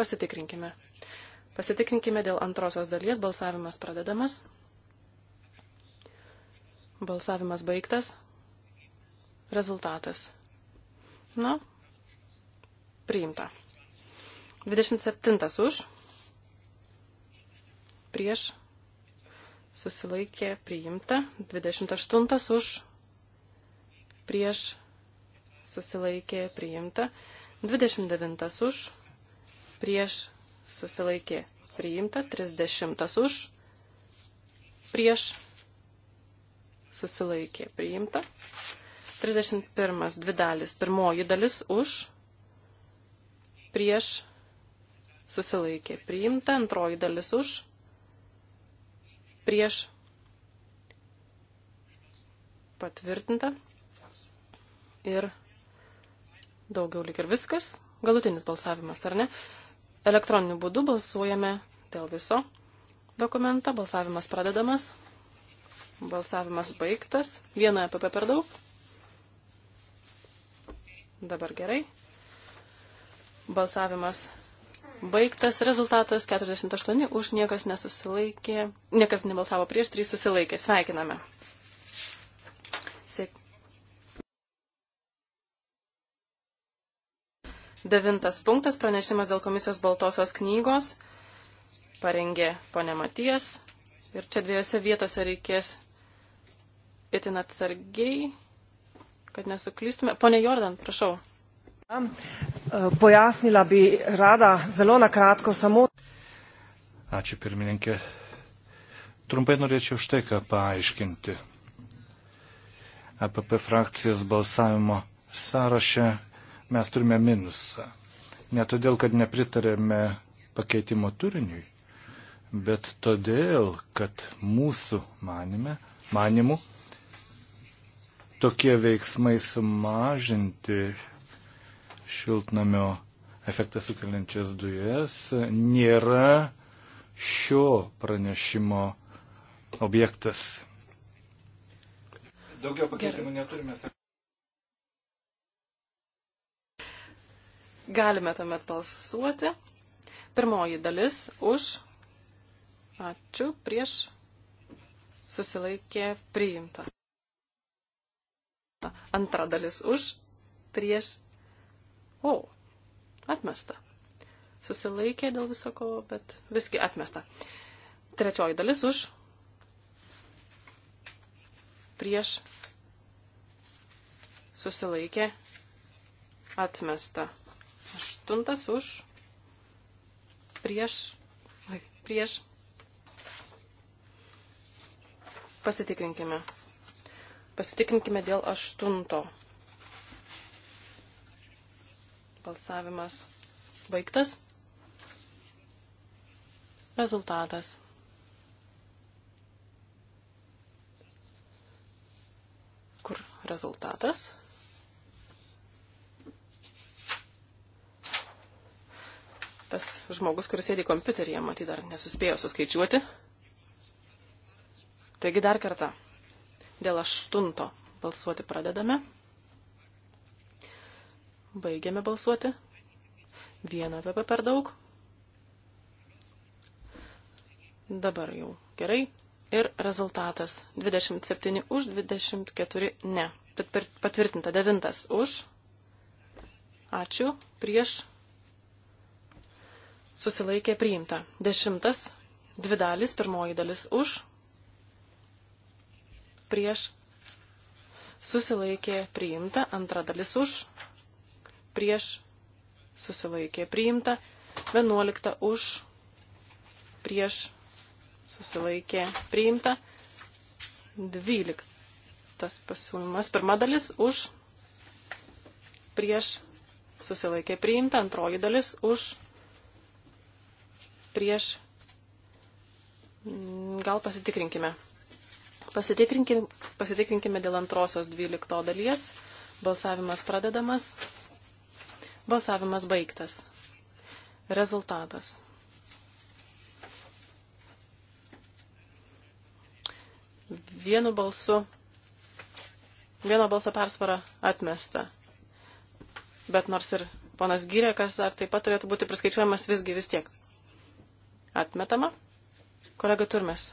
pasitikrinkime. Pasitikrinkime dėl antrosios dalies, balsavimas pradedamas. Balsavimas baigtas. Rezultatas. Na, priimta. 27 už, prieš, susilaikė, priimta. 28 už, prieš, susilaikė, priimta. 29 už, prieš, susilaikė, priimta. 30 už, prieš, susilaikė, priimta. 31. Dvi dalis. Pirmoji dalis už, prieš, susilaikė. Priimta. Antroji dalis už, prieš, patvirtinta. Ir daugiau lik ir viskas. Galutinis balsavimas, ar ne? Elektroniniu būdu balsuojame dėl viso dokumento. Balsavimas pradedamas. Balsavimas baigtas. Viena EPP per daug. Dabar gerai. Balsavimas baigtas. Rezultatas 48 už niekas nesusilaikė. Niekas nebalsavo prieš, 3 susilaikė. Sveikiname. Sėk. Devintas punktas pranešimas dėl komisijos baltosios knygos. Parengė ponė Matijas. Ir čia dviejose vietose reikės itin atsargiai kad nesuklystume. Pone Jordan, prašau. E, pojasnila bi rada zelo na kratko samo. Ačiū pirmininkė. Trumpai norėčiau štai ką paaiškinti. APP frakcijos balsavimo sąraše mes turime minusą. Ne todėl, kad nepritarėme pakeitimo turiniui, bet todėl, kad mūsų manime, manimų tokie veiksmai sumažinti šiltnamio efektą sukeliančias dujas nėra šio pranešimo objektas. Daugiau pakeitimų neturime. Galime tuomet balsuoti. Pirmoji dalis už. Ačiū. Prieš susilaikė priimta. Ta antra dalis už, prieš, o, atmesta. Susilaikė dėl visako, bet visgi atmesta. Trečioji dalis už, prieš, susilaikė, atmesta. Aštuntas už, prieš, prieš. Pasitikrinkime. Pasitikrinkime dėl aštunto. Balsavimas baigtas. Rezultatas. Kur rezultatas? Tas žmogus, kuris sėdi kompiuteryje, matyt, dar nesuspėjo suskaičiuoti. Taigi dar kartą. Dėl aštunto balsuoti pradedame. Baigiame balsuoti. Vieną PP per daug. Dabar jau gerai. Ir rezultatas 27 už, 24 ne. Tad patvirtinta 9 už. Ačiū. Prieš. Susilaikė priimta. 10. Dvi dalis. Pirmoji dalis už prieš, susilaikė priimta, antra dalis už, prieš, susilaikė priimta, vienuolikta už, prieš, susilaikė priimta, dvyliktas pasiūlymas, pirma dalis už, prieš, susilaikė priimta, antroji dalis už, prieš, gal pasitikrinkime. Pasitikrinkime, pasitikrinkime dėl antrosios 12 dalies. Balsavimas pradedamas. Balsavimas baigtas. Rezultatas. Vienu balsu, vieno balso persvara atmesta. Bet nors ir ponas Gyrekas ar taip pat turėtų būti priskaičiuojamas visgi vis tiek. Atmetama. Kolega Turmes.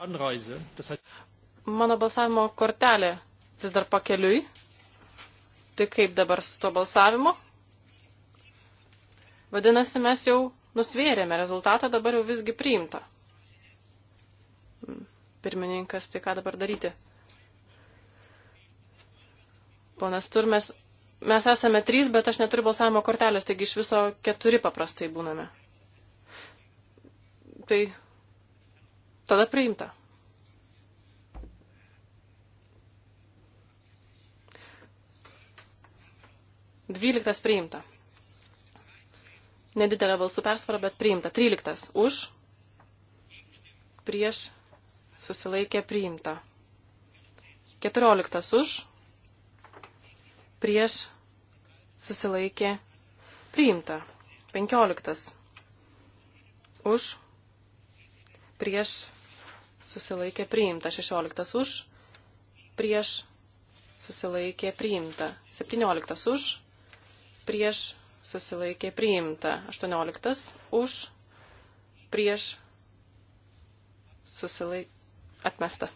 Mano balsavimo kortelė vis dar pakeliui. Tai kaip dabar su tuo balsavimu? Vadinasi, mes jau nusvėrėme rezultatą, dabar jau visgi priimta. Pirmininkas, tai ką dabar daryti? Ponas Turmes, mes esame trys, bet aš neturiu balsavimo kortelės, taigi iš viso keturi paprastai būname. Tai Tada priimta. Dvyliktas priimta. Nedidelė balsų persvara, bet priimta. Tryliktas už, prieš, susilaikė priimta. Keturioliktas už, prieš, susilaikė priimta. Penkioliktas už, prieš, susilaikė priimta, 16 už, prieš susilaikė priimta, 17 už, prieš susilaikė priimta, 18 už, prieš susilaikė atmesta,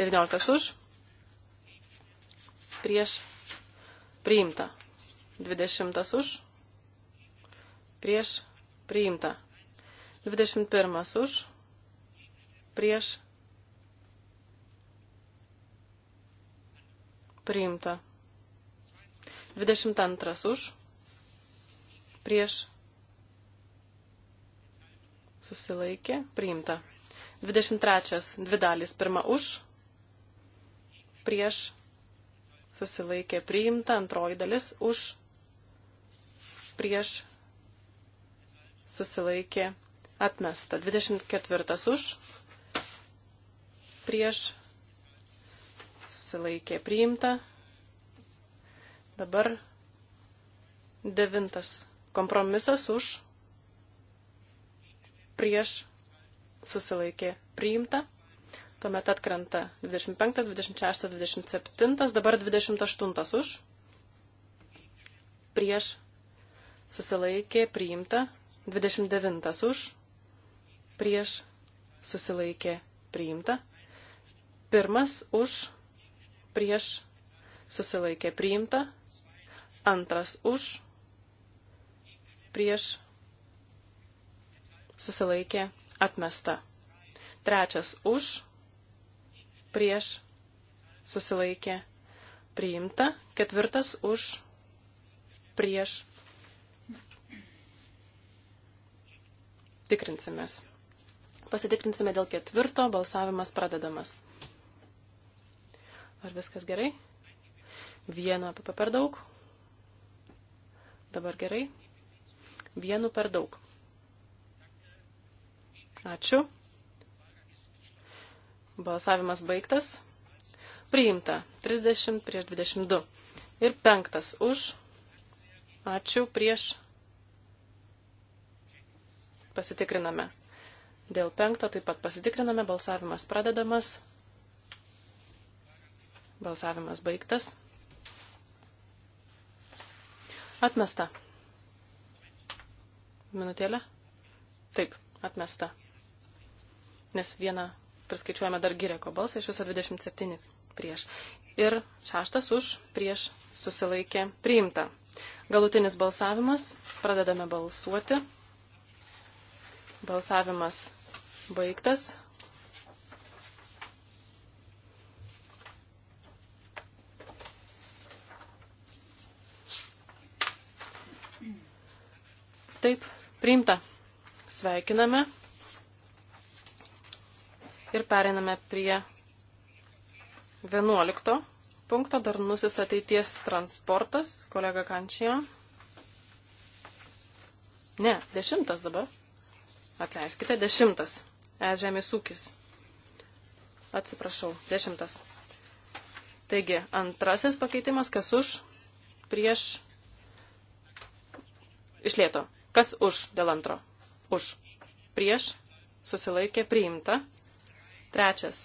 19 už, prieš priimta, 20 už, prieš priimta, 21 už, prieš priimta. 22 už prieš susilaikė priimta. 23 dvi dalis pirma už prieš susilaikė priimta antroji dalis už prieš susilaikė atmesta. 24 už prieš susilaikė priimta. Dabar devintas kompromisas už prieš susilaikė priimta. Tuomet atkrenta 25, 26, 27, dabar 28 už prieš susilaikė priimta. 29 už prieš susilaikė priimta. Pirmas už, prieš, susilaikė priimta. Antras už, prieš, susilaikė atmesta. Trečias už, prieš, susilaikė priimta. Ketvirtas už, prieš. Tikrinsimės. Pasitikrinsime dėl ketvirto, balsavimas pradedamas. Ar viskas gerai? Vienu apie per daug. Dabar gerai. Vienu per daug. Ačiū. Balsavimas baigtas. Priimta. 30 prieš 22. Ir penktas už. Ačiū prieš. Pasitikriname. Dėl penkto taip pat pasitikriname. Balsavimas pradedamas. Balsavimas baigtas. Atmesta. Minutėlė? Taip, atmesta. Nes vieną priskaičiuojame dar Gireko balsą, iš viso 27 prieš. Ir šeštas už prieš susilaikė priimta. Galutinis balsavimas. Pradedame balsuoti. Balsavimas baigtas. Taip, priimta. Sveikiname. Ir pereiname prie 11 punkto darnusis ateities transportas, kolega Kančija. Ne, dešimtas dabar. Atleiskite, dešimtas. E žemės ūkis. Atsiprašau, dešimtas. Taigi, antrasis pakeitimas, kas už, prieš, išlėto. Kas už dėl antro? Už. Prieš. Susilaikė. Priimta. Trečias.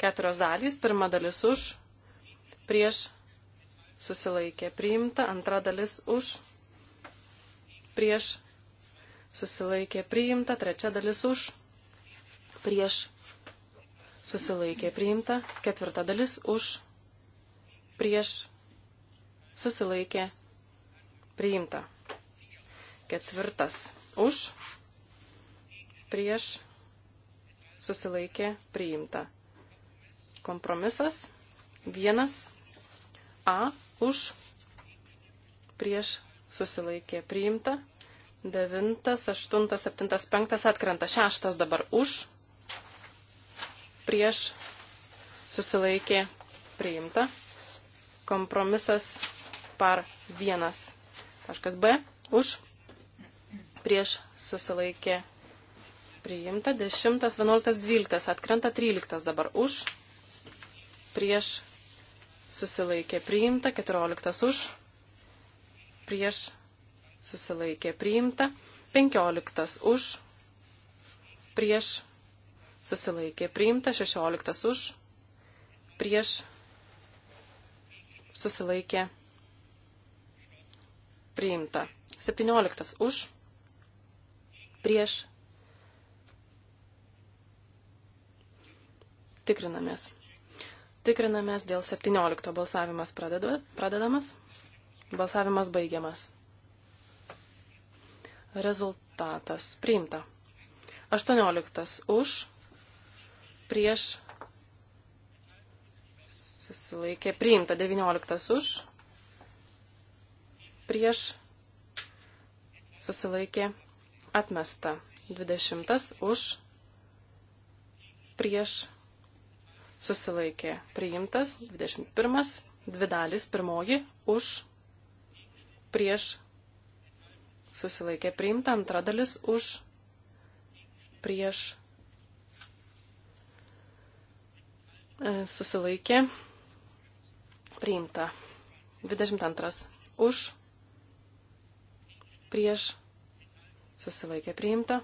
Keturios dalys. Pirma dalis už. Prieš. Susilaikė. Priimta. Antra dalis už. Prieš. Susilaikė. Priimta. Trečia dalis už. Prieš. Susilaikė. Priimta. Ketvirta dalis už. Prieš. Susilaikė. Priimta. Ketvirtas. Už, prieš, susilaikė, priimta. Kompromisas. Vienas. A. Už, prieš, susilaikė, priimta. Devintas, aštuntas, septintas, penktas atkrenta. Šeštas dabar už, prieš, susilaikė, priimta. Kompromisas par vienas. Taškas B. Už prieš susilaikė priimta. 10, 11, 12 atkrenta 13 dabar už, prieš susilaikė priimta, 14 už, prieš susilaikė priimta, 15 už, prieš susilaikė priimta, 16 už, prieš susilaikė priimta, 17 už, prieš. Tikrinamės. Tikrinamės dėl 17 balsavimas pradedu, pradedamas, balsavimas baigiamas. Rezultatas priimta. 18 už, prieš susilaikė priimta 19 už, prieš susilaikė atmesta. 20 už, prieš, susilaikė, priimtas. 21, dvi dalis, pirmoji, už, prieš, susilaikė, priimta. Antra dalis, už, prieš, e, susilaikė, priimta. 22 už, prieš, susilaikė priimta.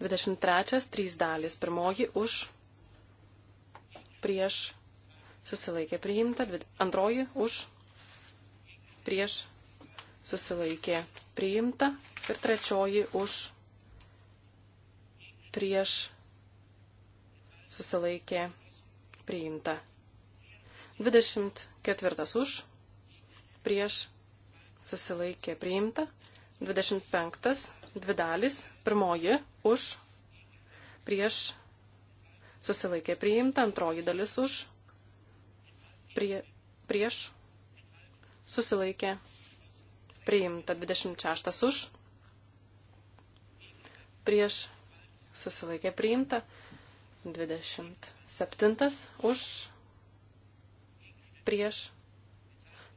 23, 3 dalis, pirmoji už, prieš, susilaikė priimta, antroji už, prieš, susilaikė priimta ir trečioji už, prieš, susilaikė priimta. 24 už, prieš, susilaikė priimta. 25 dvi dalys. Pirmoji už, prieš, susilaikė priimta. Antroji dalis už, prie, prieš, susilaikė priimta. 26 už, prieš, susilaikė priimta. 27 už, prieš,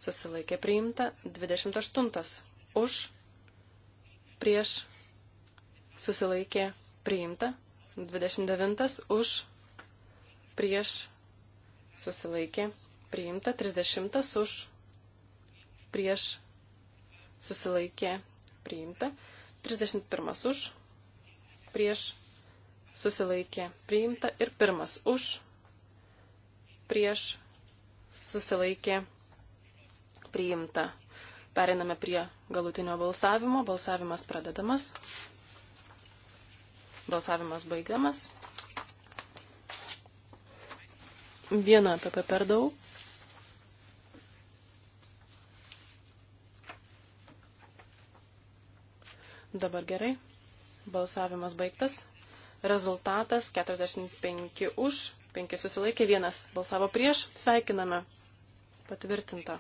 susilaikė priimta. 28 už, prieš susilaikė priimta, 29 už prieš susilaikė priimta, 30 už prieš susilaikė priimta, 31 už prieš susilaikė priimta ir pirmas už prieš susilaikė priimta. Periname prie galutinio balsavimo. Balsavimas pradedamas. Balsavimas baigiamas. Vieną PP per daug. Dabar gerai. Balsavimas baigtas. Rezultatas 45 už, 5 susilaikė, 1 balsavo prieš. Sveikiname. Patvirtinta.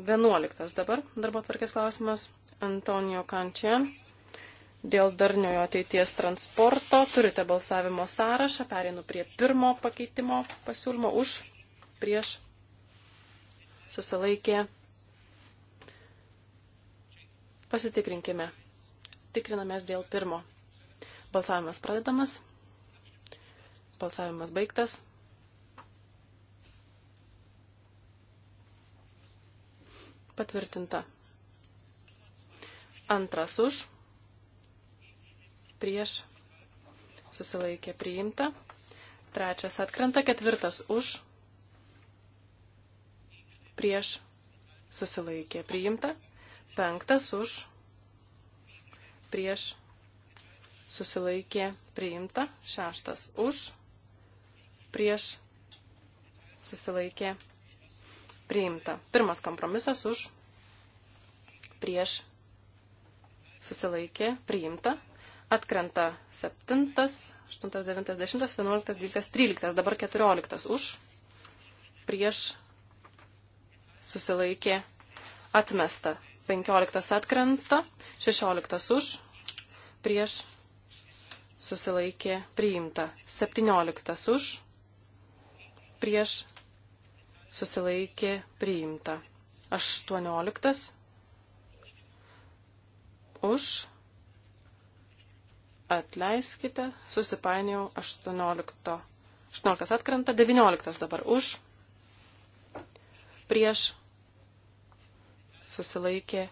11 dabar darbo tvarkės klausimas Antonijo Kančian. Dėl darniojo ateities transporto turite balsavimo sąrašą. Pereinu prie pirmo pakeitimo pasiūlymo už, prieš, susilaikė. Pasitikrinkime. Tikrinamės dėl pirmo. Balsavimas pradedamas. Balsavimas baigtas. Patvirtinta. Antras už. Prieš. Susilaikė priimta. Trečias atkrenta. Ketvirtas už. Prieš. Susilaikė priimta. Penktas už. Prieš. Susilaikė priimta. Šeštas už. Prieš. Susilaikė priimta priimta. Pirmas kompromisas už prieš susilaikė priimta. Atkrenta 7, 8, 9, 10, 11, 12, 13, dabar 14 už prieš susilaikė atmesta. 15 atkrenta, 16 už prieš susilaikė priimta. 17 už prieš susilaikė priimta. 18 už, atleiskite, susipainiau 18, 18 atkrenta, 19 dabar už, prieš susilaikė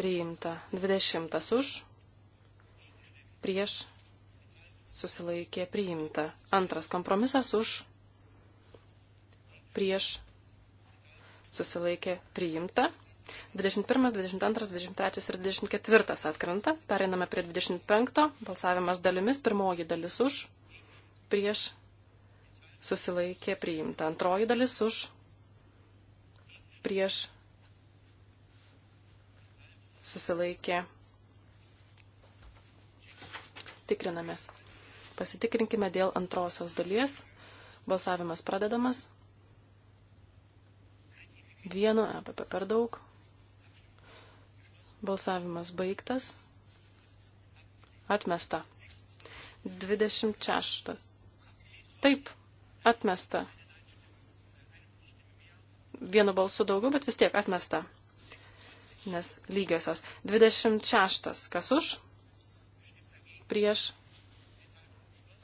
priimta, 20 už, prieš susilaikė priimta, antras kompromisas už, prieš susilaikė priimta. 21, 22, 23 ir 24 atkrenta. Pereiname prie 25. Balsavimas dalimis. Pirmoji dalis už, prieš susilaikė priimta. Antroji dalis už, prieš susilaikė. Tikrinamės. Pasitikrinkime dėl antrosios dalies. Balsavimas pradedamas. Vieno EPP per daug. Balsavimas baigtas. Atmesta. 26. Taip, atmesta. Vienu balsu daugiau, bet vis tiek atmesta. Nes lygiosios. 26. Kas už? Prieš.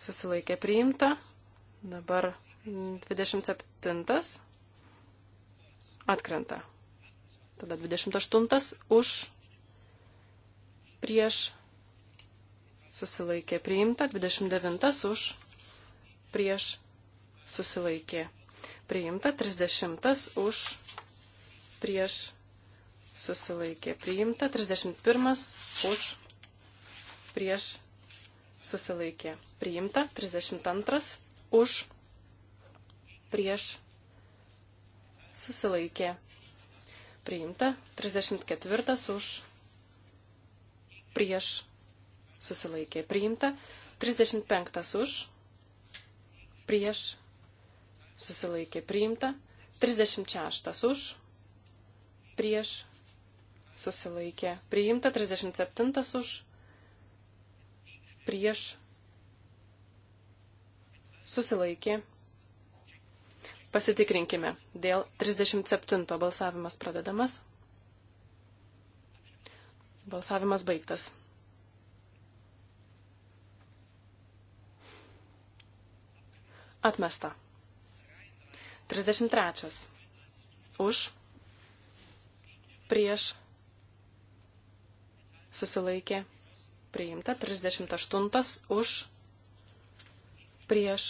Susilaikė priimta. Dabar 27 atkrenta. Tada 28 už prieš susilaikė priimta, 29 už prieš susilaikė priimta, 30 už prieš susilaikė priimta, 31 už prieš susilaikė priimta, 32 už prieš susilaikė priimta susilaikė. Priimta 34 už prieš susilaikė. Priimta 35 už prieš susilaikė. Priimta 36 už prieš susilaikė. Priimta 37 už prieš susilaikė. Pasitikrinkime. Dėl 37 balsavimas pradedamas. Balsavimas baigtas. Atmesta. 33. Už. Prieš. Susilaikė. Priimta. 38. Už. Prieš.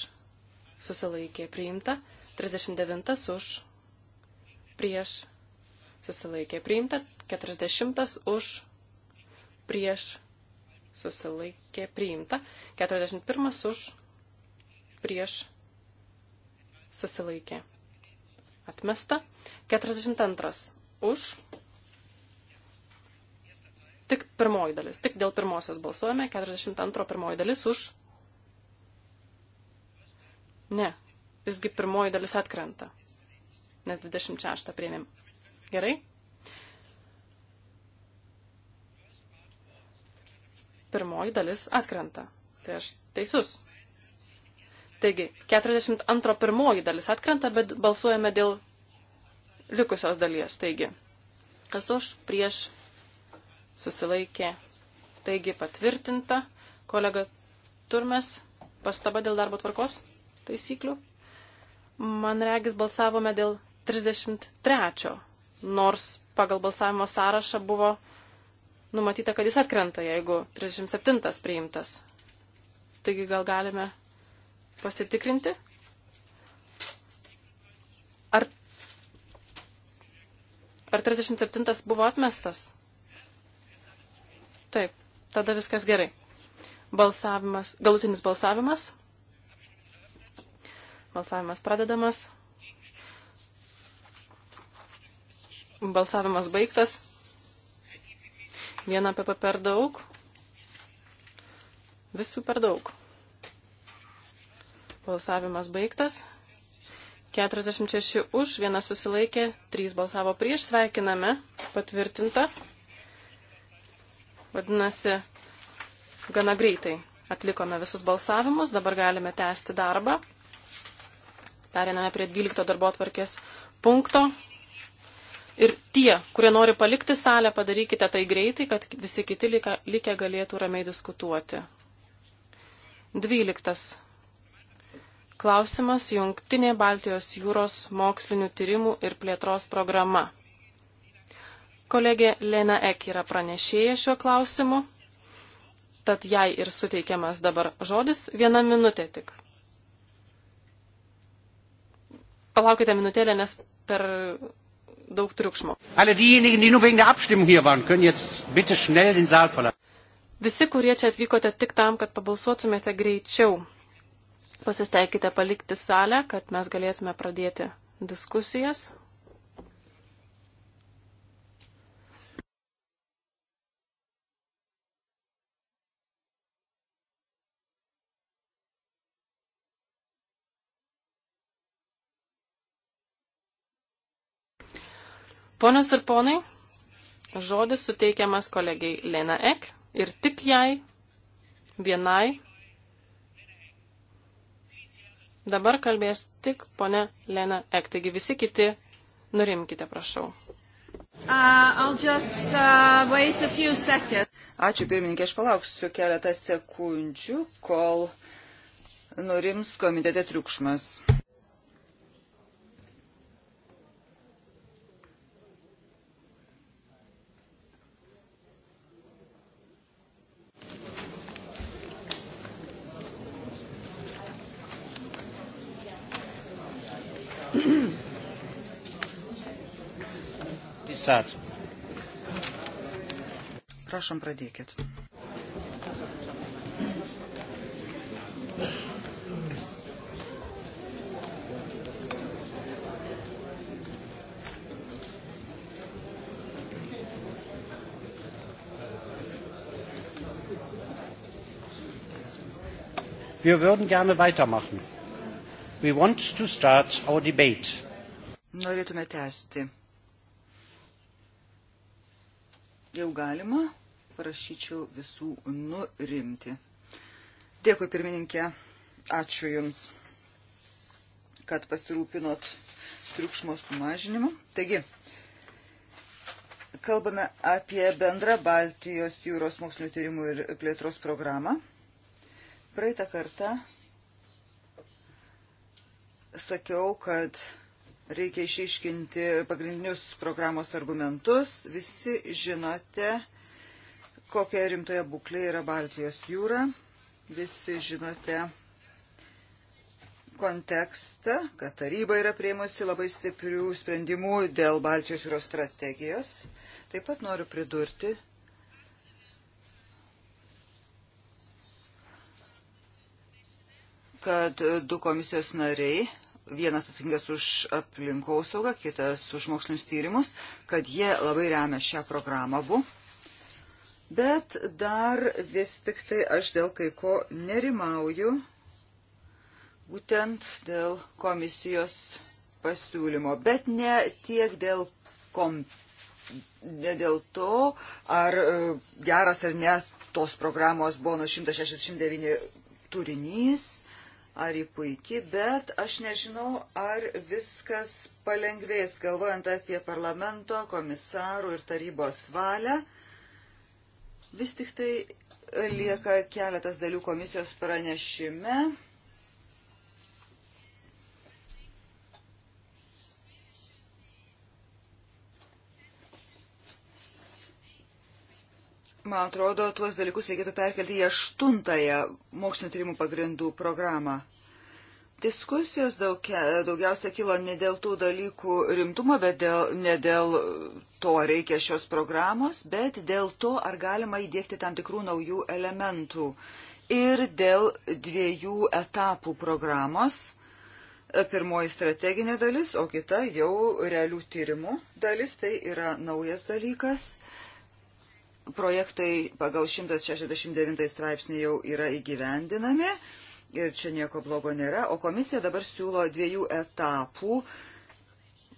Susilaikė. Priimta. 39 už, prieš, susilaikė priimta, 40 už, prieš, susilaikė priimta, 41 už, prieš, susilaikė atmesta, 42 už, tik pirmoji dalis, tik dėl pirmosios balsuojame, 42 pirmoji dalis už, ne, visgi pirmoji dalis atkrenta, nes 26 priėmėm. Gerai? Pirmoji dalis atkrenta. Tai aš teisus. Taigi, 42 pirmoji dalis atkrenta, bet balsuojame dėl likusios dalies. Taigi, kas už, prieš, susilaikė. Taigi, patvirtinta. Kolega Turmes, pastaba dėl darbo tvarkos taisyklių man regis balsavome dėl 33, nors pagal balsavimo sąrašą buvo numatyta, kad jis atkrenta, jeigu 37 priimtas. Taigi gal galime pasitikrinti? Ar, ar 37 buvo atmestas? Taip, tada viskas gerai. Balsavimas, galutinis balsavimas Balsavimas pradedamas. Balsavimas baigtas. Vieną PP per daug. Visų per daug. Balsavimas baigtas. 46 už, vienas susilaikė, 3 balsavo prieš, sveikiname, patvirtinta. Vadinasi, gana greitai atlikome visus balsavimus, dabar galime tęsti darbą. Periname prie 12 darbo atvarkės punkto. Ir tie, kurie nori palikti salę, padarykite tai greitai, kad visi kiti likę galėtų ramiai diskutuoti. 12. Klausimas Jungtinė Baltijos jūros mokslinių tyrimų ir plėtros programa. Kolegė Lena Ek yra pranešėja šiuo klausimu, tad jai ir suteikiamas dabar žodis viena minutė tik. palaukite minutėlę, nes per daug triukšmo. Visi, kurie čia atvykote tik tam, kad pabalsuotumėte greičiau, pasisteikite palikti salę, kad mes galėtume pradėti diskusijas. Ponios ir ponai, žodis suteikiamas kolegiai Lena Ek ir tik jai, vienai. Dabar kalbės tik ponė Lena Ek, taigi visi kiti nurimkite, prašau. Uh, just, uh, Ačiū pirmininkė, aš palauksiu keletą sekundžių, kol nurims komitete triukšmas. start. Prašom, pradėkit. Wir würden gerne weitermachen. We want to start our debate. Norėtume tęsti Jau galima, prašyčiau visų nurimti. Dėkui, pirmininkė, ačiū Jums, kad pasirūpinot triukšmo sumažinimu. Taigi, kalbame apie bendrą Baltijos jūros mokslinio tyrimų ir plėtros programą. Praeitą kartą sakiau, kad reikia išiškinti pagrindinius programos argumentus. Visi žinote, kokia rimtoje būklėje yra Baltijos jūra. Visi žinote kontekstą, kad taryba yra prieimusi labai stiprių sprendimų dėl Baltijos jūros strategijos. Taip pat noriu pridurti, kad du komisijos nariai vienas atsakingas už aplinkosaugą, kitas už mokslinius tyrimus, kad jie labai remia šią programą abu. Bet dar vis tik tai aš dėl kai ko nerimauju, būtent dėl komisijos pasiūlymo, bet ne tiek dėl kompetencijos ne dėl to, ar e, geras ar ne tos programos buvo nuo 169 turinys, ar į puikį, bet aš nežinau, ar viskas palengvės, galvojant apie parlamento, komisarų ir tarybos valią. Vis tik tai lieka keletas dalių komisijos pranešime Man atrodo, tuos dalykus reikėtų perkelti į aštuntąją mokslinio tyrimų pagrindų programą. Diskusijos daugia, daugiausia kilo ne dėl tų dalykų rimtumo, bet dėl, ne dėl to reikia šios programos, bet dėl to, ar galima įdėkti tam tikrų naujų elementų. Ir dėl dviejų etapų programos. Pirmoji strateginė dalis, o kita jau realių tyrimų dalis, tai yra naujas dalykas projektai pagal 169 straipsnį jau yra įgyvendinami ir čia nieko blogo nėra, o komisija dabar siūlo dviejų etapų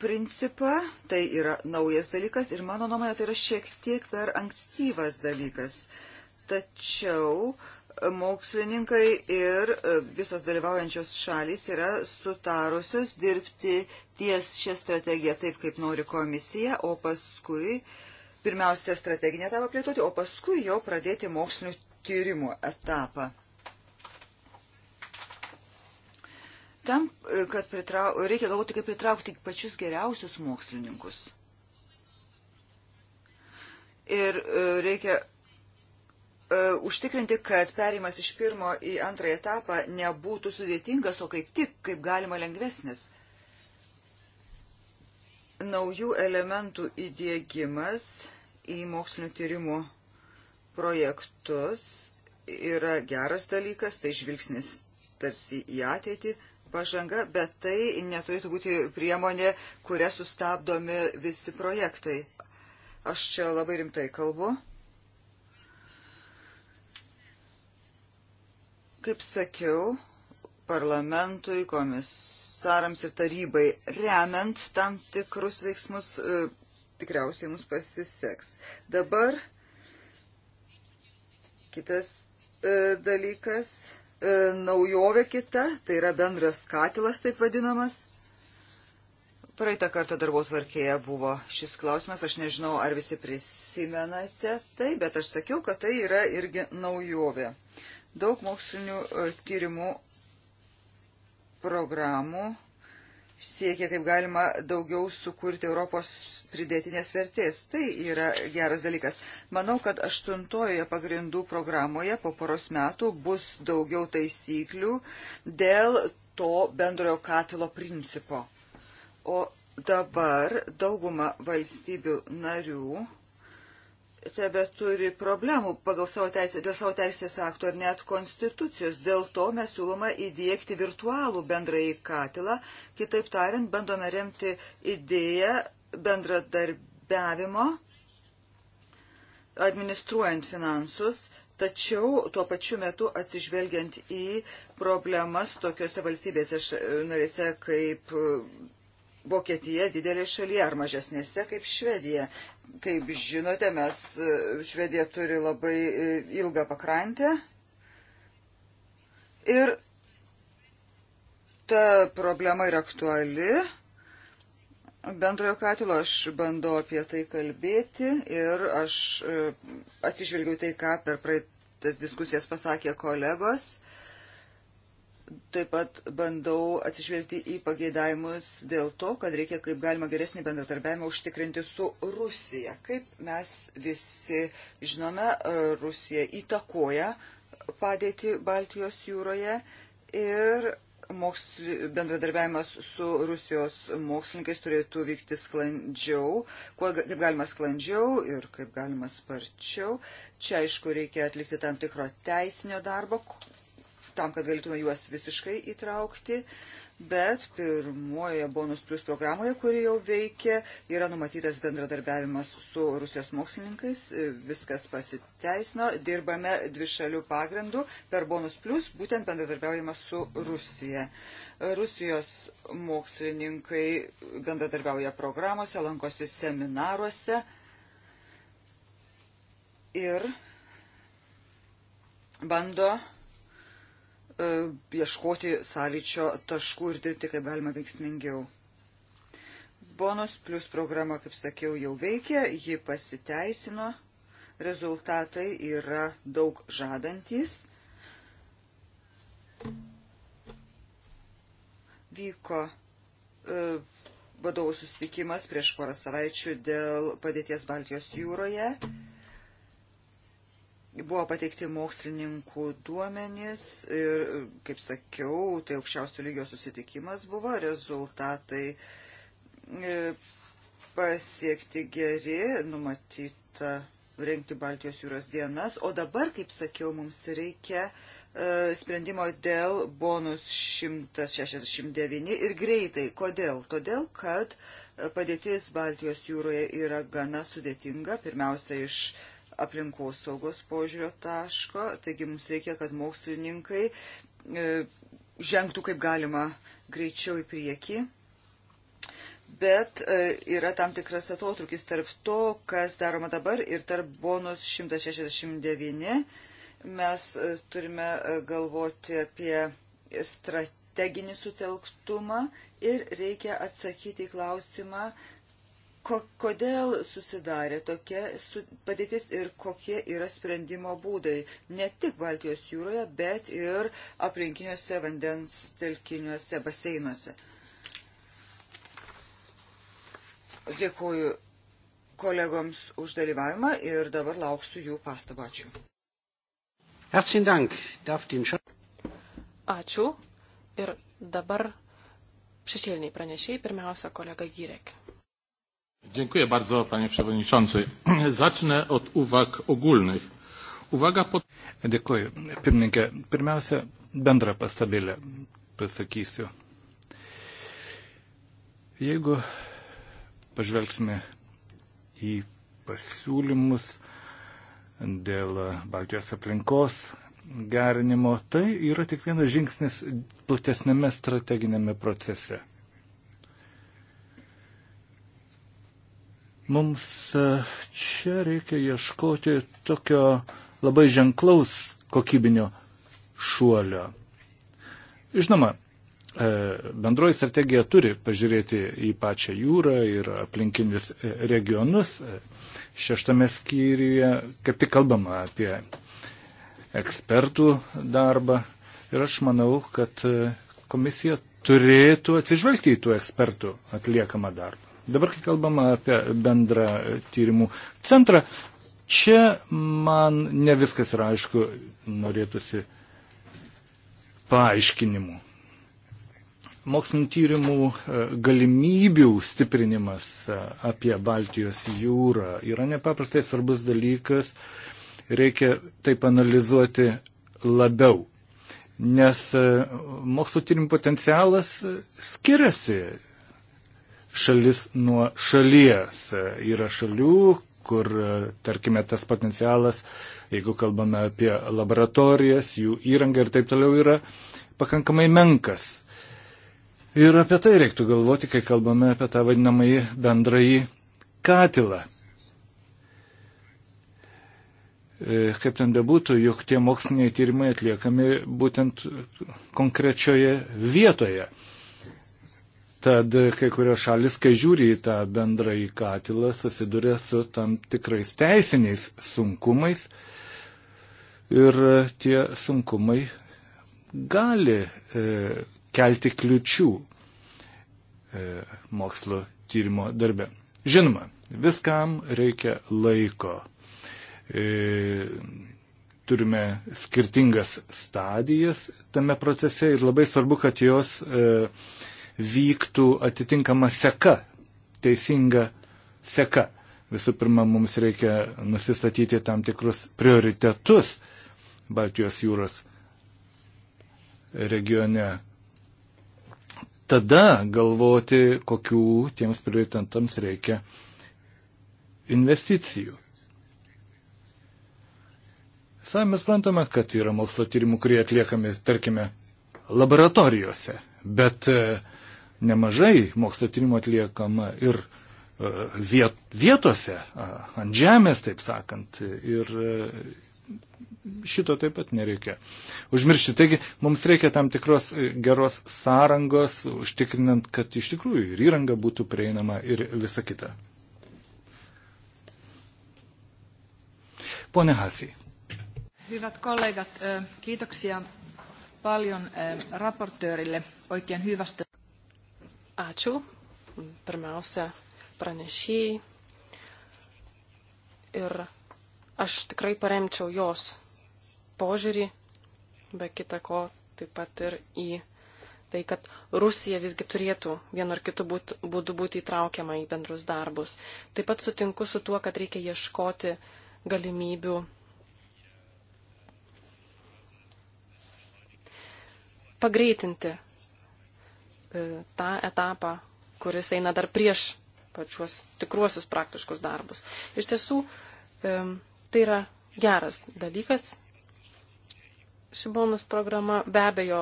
principą, tai yra naujas dalykas ir mano nuomonė tai yra šiek tiek per ankstyvas dalykas. Tačiau mokslininkai ir visos dalyvaujančios šalys yra sutarusios dirbti ties šią strategiją taip, kaip nori komisija, o paskui uh, pirmiausia strateginę etapą plėtoti, o paskui jau pradėti mokslinių tyrimų etapą. Tam, e, kad pritrau, reikia galvoti, kaip pritraukti pačius geriausius mokslininkus. Ir e, reikia e, užtikrinti, kad perimas iš pirmo į antrąjį etapą nebūtų sudėtingas, o kaip tik, kaip galima lengvesnis naujų elementų įdėgymas į mokslinio tyrimų projektus yra geras dalykas, tai žvilgsnis tarsi į ateitį pažanga, bet tai neturėtų būti priemonė, kuria sustabdomi visi projektai. Aš čia labai rimtai kalbu. Kaip sakiau, parlamentui, komis, komisarams ir tarybai, remiant tam tikrus veiksmus, e, tikriausiai mums pasiseks. Dabar kitas e, dalykas, e, naujovė kita, tai yra bendras katilas taip vadinamas. Praeitą kartą darbo tvarkėje buvo šis klausimas, aš nežinau, ar visi prisimenate tai, bet aš sakiau, kad tai yra irgi naujovė. Daug mokslinių tyrimų programų siekia kaip galima daugiau sukurti Europos pridėtinės vertės. Tai yra geras dalykas. Manau, kad aštuntojoje pagrindų programoje po poros metų bus daugiau taisyklių dėl to bendrojo katilo principo. O dabar dauguma valstybių narių tebe turi problemų pagal savo teisę, dėl savo teisės akto ar net konstitucijos. Dėl to mes siūloma įdėkti virtualų bendrąjį katilą. Kitaip tariant, bandome remti idėją bendradarbiavimo, administruojant finansus, tačiau tuo pačiu metu atsižvelgiant į problemas tokiuose valstybėse narėse kaip Vokietija didelė šalyje ar mažesnėse kaip Švedija. Kaip žinote, mes e, Švedija turi labai e, ilgą pakrantę ir ta problema yra aktuali. Bendrojo katilo aš bandau apie tai kalbėti ir aš e, atsižvelgiau tai, ką per praeitas diskusijas pasakė kolegos taip pat bandau atsižvelgti į pageidavimus dėl to, kad reikia kaip galima geresnį bendratarbiavimą užtikrinti su Rusija. Kaip mes visi žinome, Rusija įtakoja padėti Baltijos jūroje ir moksli, bendradarbiavimas su Rusijos mokslininkais turėtų vykti sklandžiau, kuo kaip galima sklandžiau ir kaip galima sparčiau. Čia, aišku, reikia atlikti tam tikro teisinio darbo, tam, kad galėtume juos visiškai įtraukti, bet pirmojoje bonus plus programoje, kuri jau veikia, yra numatytas bendradarbiavimas su Rusijos mokslininkais, e, viskas pasiteisino, dirbame dvišalių pagrindų per bonus plus, būtent bendradarbiavimas su Rusija. E, Rusijos mokslininkai bendradarbiauja programuose, lankosi seminaruose ir bando E, ieškoti sąlyčio taškų ir dirbti kaip galima veiksmingiau. Bonus plus programa, kaip sakiau, jau veikia, ji pasiteisino, rezultatai yra daug žadantys. Vyko e, vadovų susitikimas prieš porą savaičių dėl padėties Baltijos jūroje. Buvo pateikti mokslininkų duomenys ir, kaip sakiau, tai aukščiausio lygio susitikimas buvo, rezultatai e, pasiekti geri, numatyta rengti Baltijos jūros dienas, o dabar, kaip sakiau, mums reikia e, sprendimo dėl bonus 169 ir greitai. Kodėl? Todėl, kad padėtis Baltijos jūroje yra gana sudėtinga, pirmiausia iš aplinkos saugos požiūrio taško, taigi mums reikia, kad mokslininkai e, žengtų kaip galima greičiau į priekį. Bet e, yra tam tikras atotrukis tarp to, kas daroma dabar ir tarp bonus 169. Mes e, turime galvoti apie strateginį sutelktumą ir reikia atsakyti į klausimą, ko, kodėl susidarė tokia su, padėtis ir kokie yra sprendimo būdai ne tik Baltijos jūroje, bet ir aplinkiniuose vandens telkiniuose, baseinuose. Dėkuoju kolegoms už dalyvavimą ir dabar lauksiu jų pastabačių. Ačiū. Ir dabar šešėliniai pranešiai, pirmiausia, kolega Gyrek. Dziękuję bardzo, panie przewodniczący. Zacznę od uwag ogólnych. Uwaga po... Dėkuoju. Pirmininkė, pirmiausia, bendrą pastabėlę pasakysiu. Jeigu pažvelgsime į pasiūlymus dėl Baltijos aplinkos gerinimo, tai yra tik vienas žingsnis platesnėme strateginėme procese. Mums e, čia reikia ieškoti tokio labai ženklaus kokybinio šuolio. Žinoma, e, bendroji strategija turi pažiūrėti į pačią jūrą ir aplinkinius e, regionus. Šeštame skyriuje kaip tik kalbama apie ekspertų darbą ir aš manau, kad komisija turėtų atsižvelgti į tų ekspertų atliekamą darbą. Dabar, kai kalbama apie bendrą tyrimų centrą, čia man ne viskas yra aišku, norėtųsi paaiškinimų. Mokslinio tyrimų e, galimybių stiprinimas e, apie Baltijos jūrą yra nepaprastai svarbus dalykas, reikia taip analizuoti labiau, nes e, mokslo tyrimų potencialas skiriasi šalis nuo šalies. Yra šalių, kur, tarkime, tas potencialas, jeigu kalbame apie laboratorijas, jų įrangą ir taip toliau, yra pakankamai menkas. Ir apie tai reiktų galvoti, kai kalbame apie tą vadinamąjį bendrąjį katilą. E, kaip ten bebūtų, juk tie moksliniai tyrimai atliekami būtent konkrečioje vietoje. Tad kai kurios šalis, kai žiūri į tą bendrąjį katilą, susiduria su tam tikrais teisiniais sunkumais ir tie sunkumai gali e, kelti kliučių e, mokslo tyrimo darbe. Žinoma, viskam reikia laiko. E, turime skirtingas stadijas tame procese ir labai svarbu, kad jos e, vyktų atitinkama seka, teisinga seka. Visų pirma, mums reikia nusistatyti tam tikrus prioritetus Baltijos jūros regione. Tada galvoti, kokių tiems prioritetams reikia investicijų. Savai mes suprantame, kad yra mokslo tyrimų, kurie atliekami, tarkime, laboratorijose, bet uh, nemažai mokslo tyrimų atliekama ir e, viet, vietose, ant žemės, taip sakant. Ir e, šito taip pat nereikia užmiršti. Taigi mums reikia tam tikros e, geros sąrangos, užtikrinant, kad iš tikrųjų ir įranga būtų prieinama ir visa kita. Pone Hasi. Hyvät kollegat, kiitoksia paljon raportöörille oikein hyvästä. Ačiū. Pirmiausia, pranešėjai. Ir aš tikrai paremčiau jos požiūrį, be kita ko, taip pat ir į tai, kad Rusija visgi turėtų vienu ar kitu būt, būdu būti įtraukiama į bendrus darbus. Taip pat sutinku su tuo, kad reikia ieškoti galimybių pagreitinti E, tą etapą, kuris eina dar prieš pačiuos tikruosius praktiškus darbus. Iš tiesų, e, tai yra geras dalykas. Ši bonus programa be abejo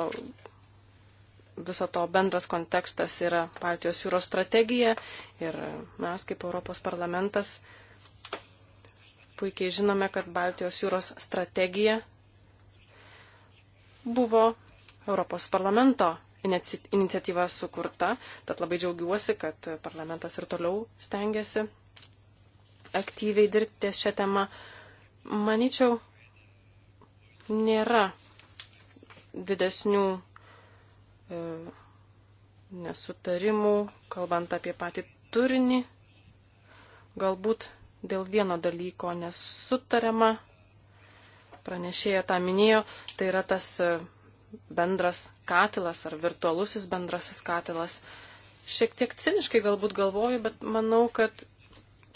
viso to bendras kontekstas yra partijos jūros strategija ir mes kaip Europos parlamentas puikiai žinome, kad Baltijos jūros strategija buvo Europos parlamento iniciatyva sukurta, tad labai džiaugiuosi, kad parlamentas ir toliau stengiasi aktyviai dirbti ties šią temą. Maničiau, nėra didesnių e, nesutarimų, kalbant apie patį turinį. Galbūt dėl vieno dalyko nesutariama, pranešėja tą minėjo, tai yra tas e, bendras katilas ar virtualusis bendrasis katilas. Šiek tiek ciniškai galbūt galvoju, bet manau, kad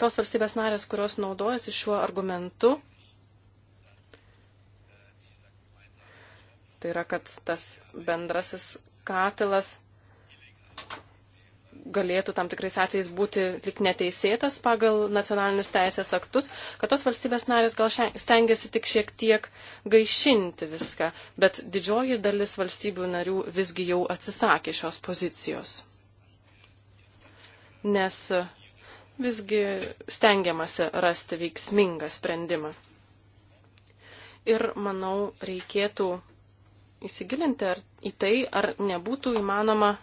tos valstybės narės, kurios naudojasi šiuo argumentu, tai yra, kad tas bendrasis katilas galėtų tam tikrais atvejais būti lik neteisėtas pagal nacionalinius teisės aktus, kad tos valstybės narės gal stengiasi tik šiek tiek gaišinti viską, bet didžioji dalis valstybių narių visgi jau atsisakė šios pozicijos. Nes visgi stengiamasi rasti veiksmingą sprendimą. Ir manau, reikėtų įsigilinti ar, į tai, ar nebūtų įmanoma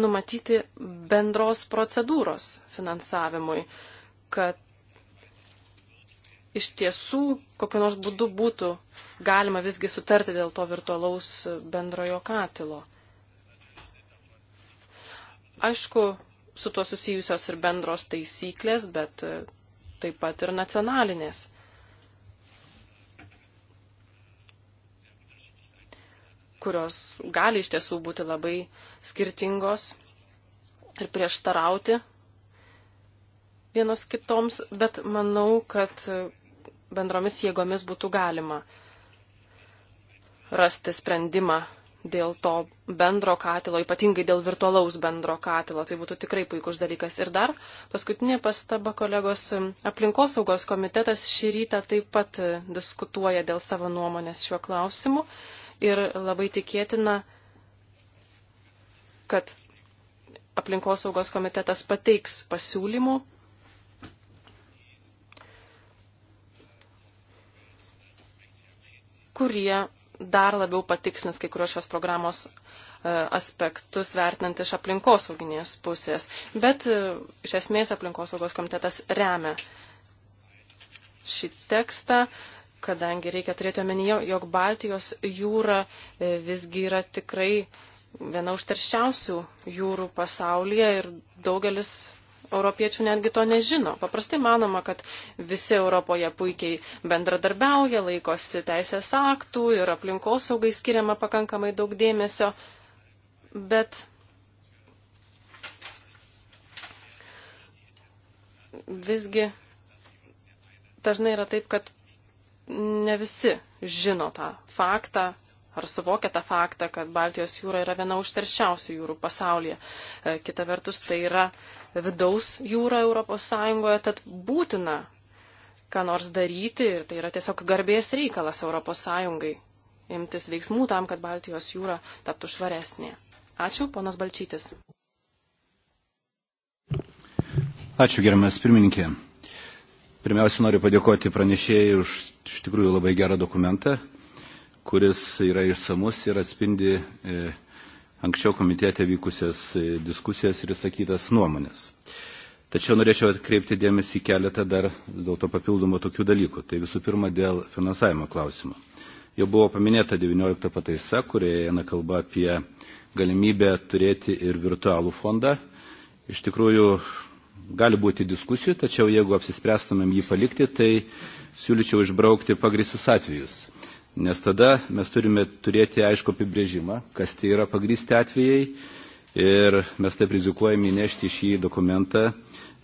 numatyti bendros procedūros finansavimui, kad iš tiesų kokiu nors būdu būtų galima visgi sutarti dėl to virtualaus bendrojo katilo. Aišku, su tuo susijusios ir bendros taisyklės, bet taip pat ir nacionalinės. kurios gali iš tiesų būti labai uh, skirtingos ir prieštarauti vienos kitoms, bet manau, kad bendromis jėgomis būtų galima rasti sprendimą dėl to bendro katilo, ypatingai dėl virtualaus bendro katilo. Tai būtų tikrai puikus dalykas. Ir dar paskutinė pastaba, kolegos, aplinkosaugos komitetas šį rytą taip pat diskutuoja dėl savo nuomonės šiuo klausimu. Ir labai tikėtina, kad aplinkosaugos komitetas pateiks pasiūlymų. kurie dar labiau patiksnis kai kurios šios programos e, aspektus vertinant iš aplinkosauginės pusės. Bet e, iš esmės aplinkosaugos komitetas remia šį tekstą, kadangi reikia turėti omenyje, jog Baltijos jūra e, visgi yra tikrai viena užterščiausių jūrų pasaulyje ir daugelis europiečių netgi to nežino. Paprastai manoma, kad visi Europoje puikiai bendradarbiauja, laikosi teisės aktų ir aplinkosaugai skiriama pakankamai daug dėmesio, bet visgi dažnai yra taip, kad ne visi žino tą faktą, ar suvokia tą faktą, kad Baltijos jūra yra viena užterščiausių jūrų pasaulyje. E, kita vertus, tai yra vidaus jūra Europos Sąjungoje, tad būtina ką nors daryti ir tai yra tiesiog garbės reikalas Europos Sąjungai imtis veiksmų tam, kad Baltijos jūra taptų švaresnė. Ačiū, ponas Balčytis. Ačiū, gerbiamas pirmininkė. Pirmiausia, noriu padėkoti pranešėjai už iš tikrųjų labai gerą dokumentą, kuris yra išsamus ir atspindi e, anksčiau komitete vykusias e, diskusijas ir įsakytas nuomonės. Tačiau norėčiau atkreipti dėmesį keletą dar dėl to papildomų tokių dalykų. Tai visų pirma dėl finansavimo klausimo. Jau buvo paminėta 19 pataisa, kurioje eina kalba apie galimybę turėti ir virtualų fondą. Iš tikrųjų, gali būti diskusijų, tačiau jeigu apsispręstumėm jį palikti, tai siūlyčiau išbraukti pagrįstus atvejus. Nes tada mes turime turėti aišku apibrėžimą, kas tai yra pagrysti atvejai ir mes taip rizikuojame įnešti šį dokumentą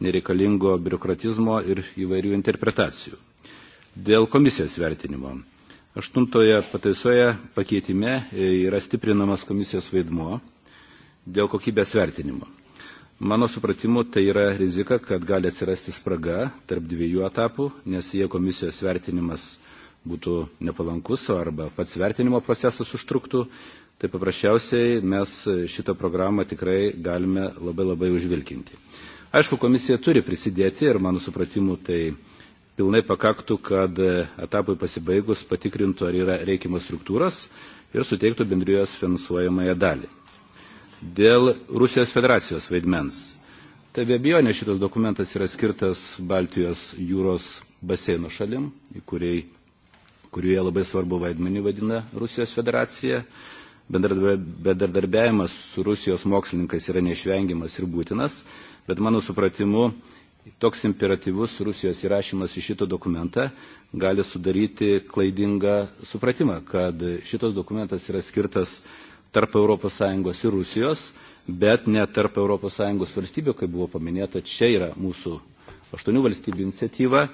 nereikalingo biurokratizmo ir įvairių interpretacijų. Dėl komisijos vertinimo. Aštuntoje pataisoje pakeitime yra stiprinamas komisijos vaidmuo dėl kokybės vertinimo. Mano supratimu, tai yra rizika, kad gali atsirasti spraga tarp dviejų etapų, nes jie komisijos vertinimas būtų nepalankus arba pats vertinimo procesas užtruktų, tai paprasčiausiai mes šitą programą tikrai galime labai labai užvilkinti. Aišku, komisija turi prisidėti ir mano supratimu tai pilnai pakaktų, kad etapui pasibaigus patikrintų, ar yra reikimas struktūras ir suteiktų bendrijos finansuojamąją dalį. Dėl Rusijos federacijos vaidmens. Tai be abejonė šitas dokumentas yra skirtas Baltijos jūros baseino šalim, į kuriai kurioje labai svarbu vaidmenį vadina Rusijos federacija. Bendradarbiavimas su Rusijos mokslininkais yra neišvengiamas ir būtinas, bet mano supratimu toks imperatyvus Rusijos įrašymas į šitą dokumentą gali sudaryti klaidingą supratimą, kad šitas dokumentas yra skirtas tarp ES ir Rusijos, bet ne tarp ES valstybių, kaip buvo paminėta, čia yra mūsų aštuonių valstybių iniciatyva,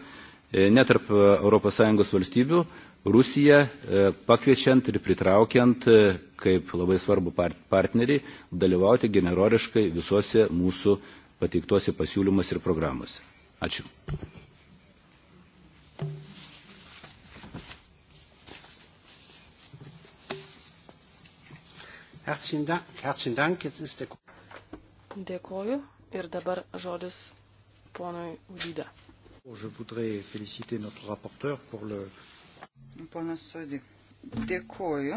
e, ne tarp ES valstybių, Rusiją, e, pakviečiant ir pritraukiant e, kaip labai svarbu partnerį dalyvauti generoriškai visuose mūsų pateiktuose pasiūlymuose ir programuose. Ačiū. Dėkoju ir dabar žodis ponui Udyda. Je voudrais féliciter notre rapporteur pour le, euh, Ponas Sodi, dėkoju.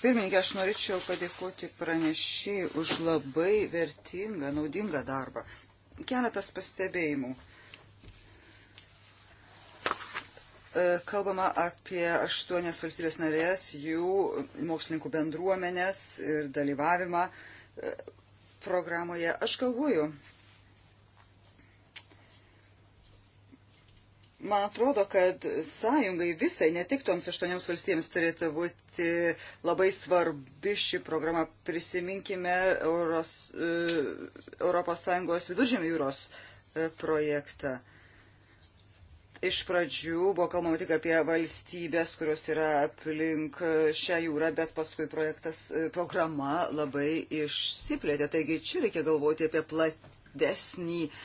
Pirmininkė, aš norėčiau padėkoti pranešėjai už labai vertingą, naudingą darbą. Keletas pastebėjimų. E, kalbama apie aštuonias valstybės narės, jų mokslininkų bendruomenės ir dalyvavimą e, programoje. Aš galvoju, man atrodo, kad sąjungai visai, ne tik toms aštuonioms valstybėms turėtų būti labai svarbi ši programa. Prisiminkime Euros, e, Europos Sąjungos viduržėmio jūros e, projektą. Iš pradžių buvo kalbama tik apie valstybės, kurios yra aplink e, šią jūrą, bet paskui projektas, programa labai išsiplėtė. Taigi čia reikia galvoti apie platesnį uh,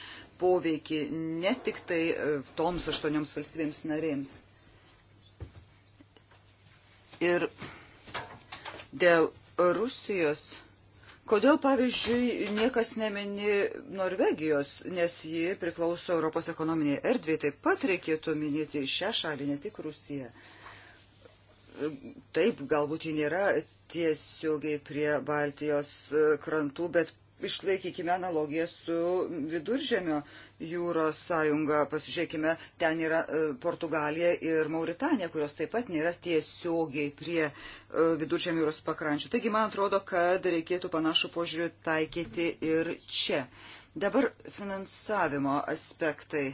poveikį ne tik tai e, toms aštuonioms valstybėms narėms. Ir dėl Rusijos, kodėl pavyzdžiui niekas nemini Norvegijos, nes ji priklauso Europos ekonominiai erdvė, taip pat reikėtų minėti šią šalį, ne tik Rusiją. Taip, galbūt ji nėra tiesiogiai prie Baltijos krantų, bet išlaikykime analogiją su viduržėmio jūros sąjunga. Pasižiūrėkime, ten yra e, Portugalija ir Mauritanija, kurios taip pat nėra tiesiogiai prie e, viduržėmio jūros pakrančių. Taigi, man atrodo, kad reikėtų panašų požiūrių taikyti ir čia. Dabar finansavimo aspektai.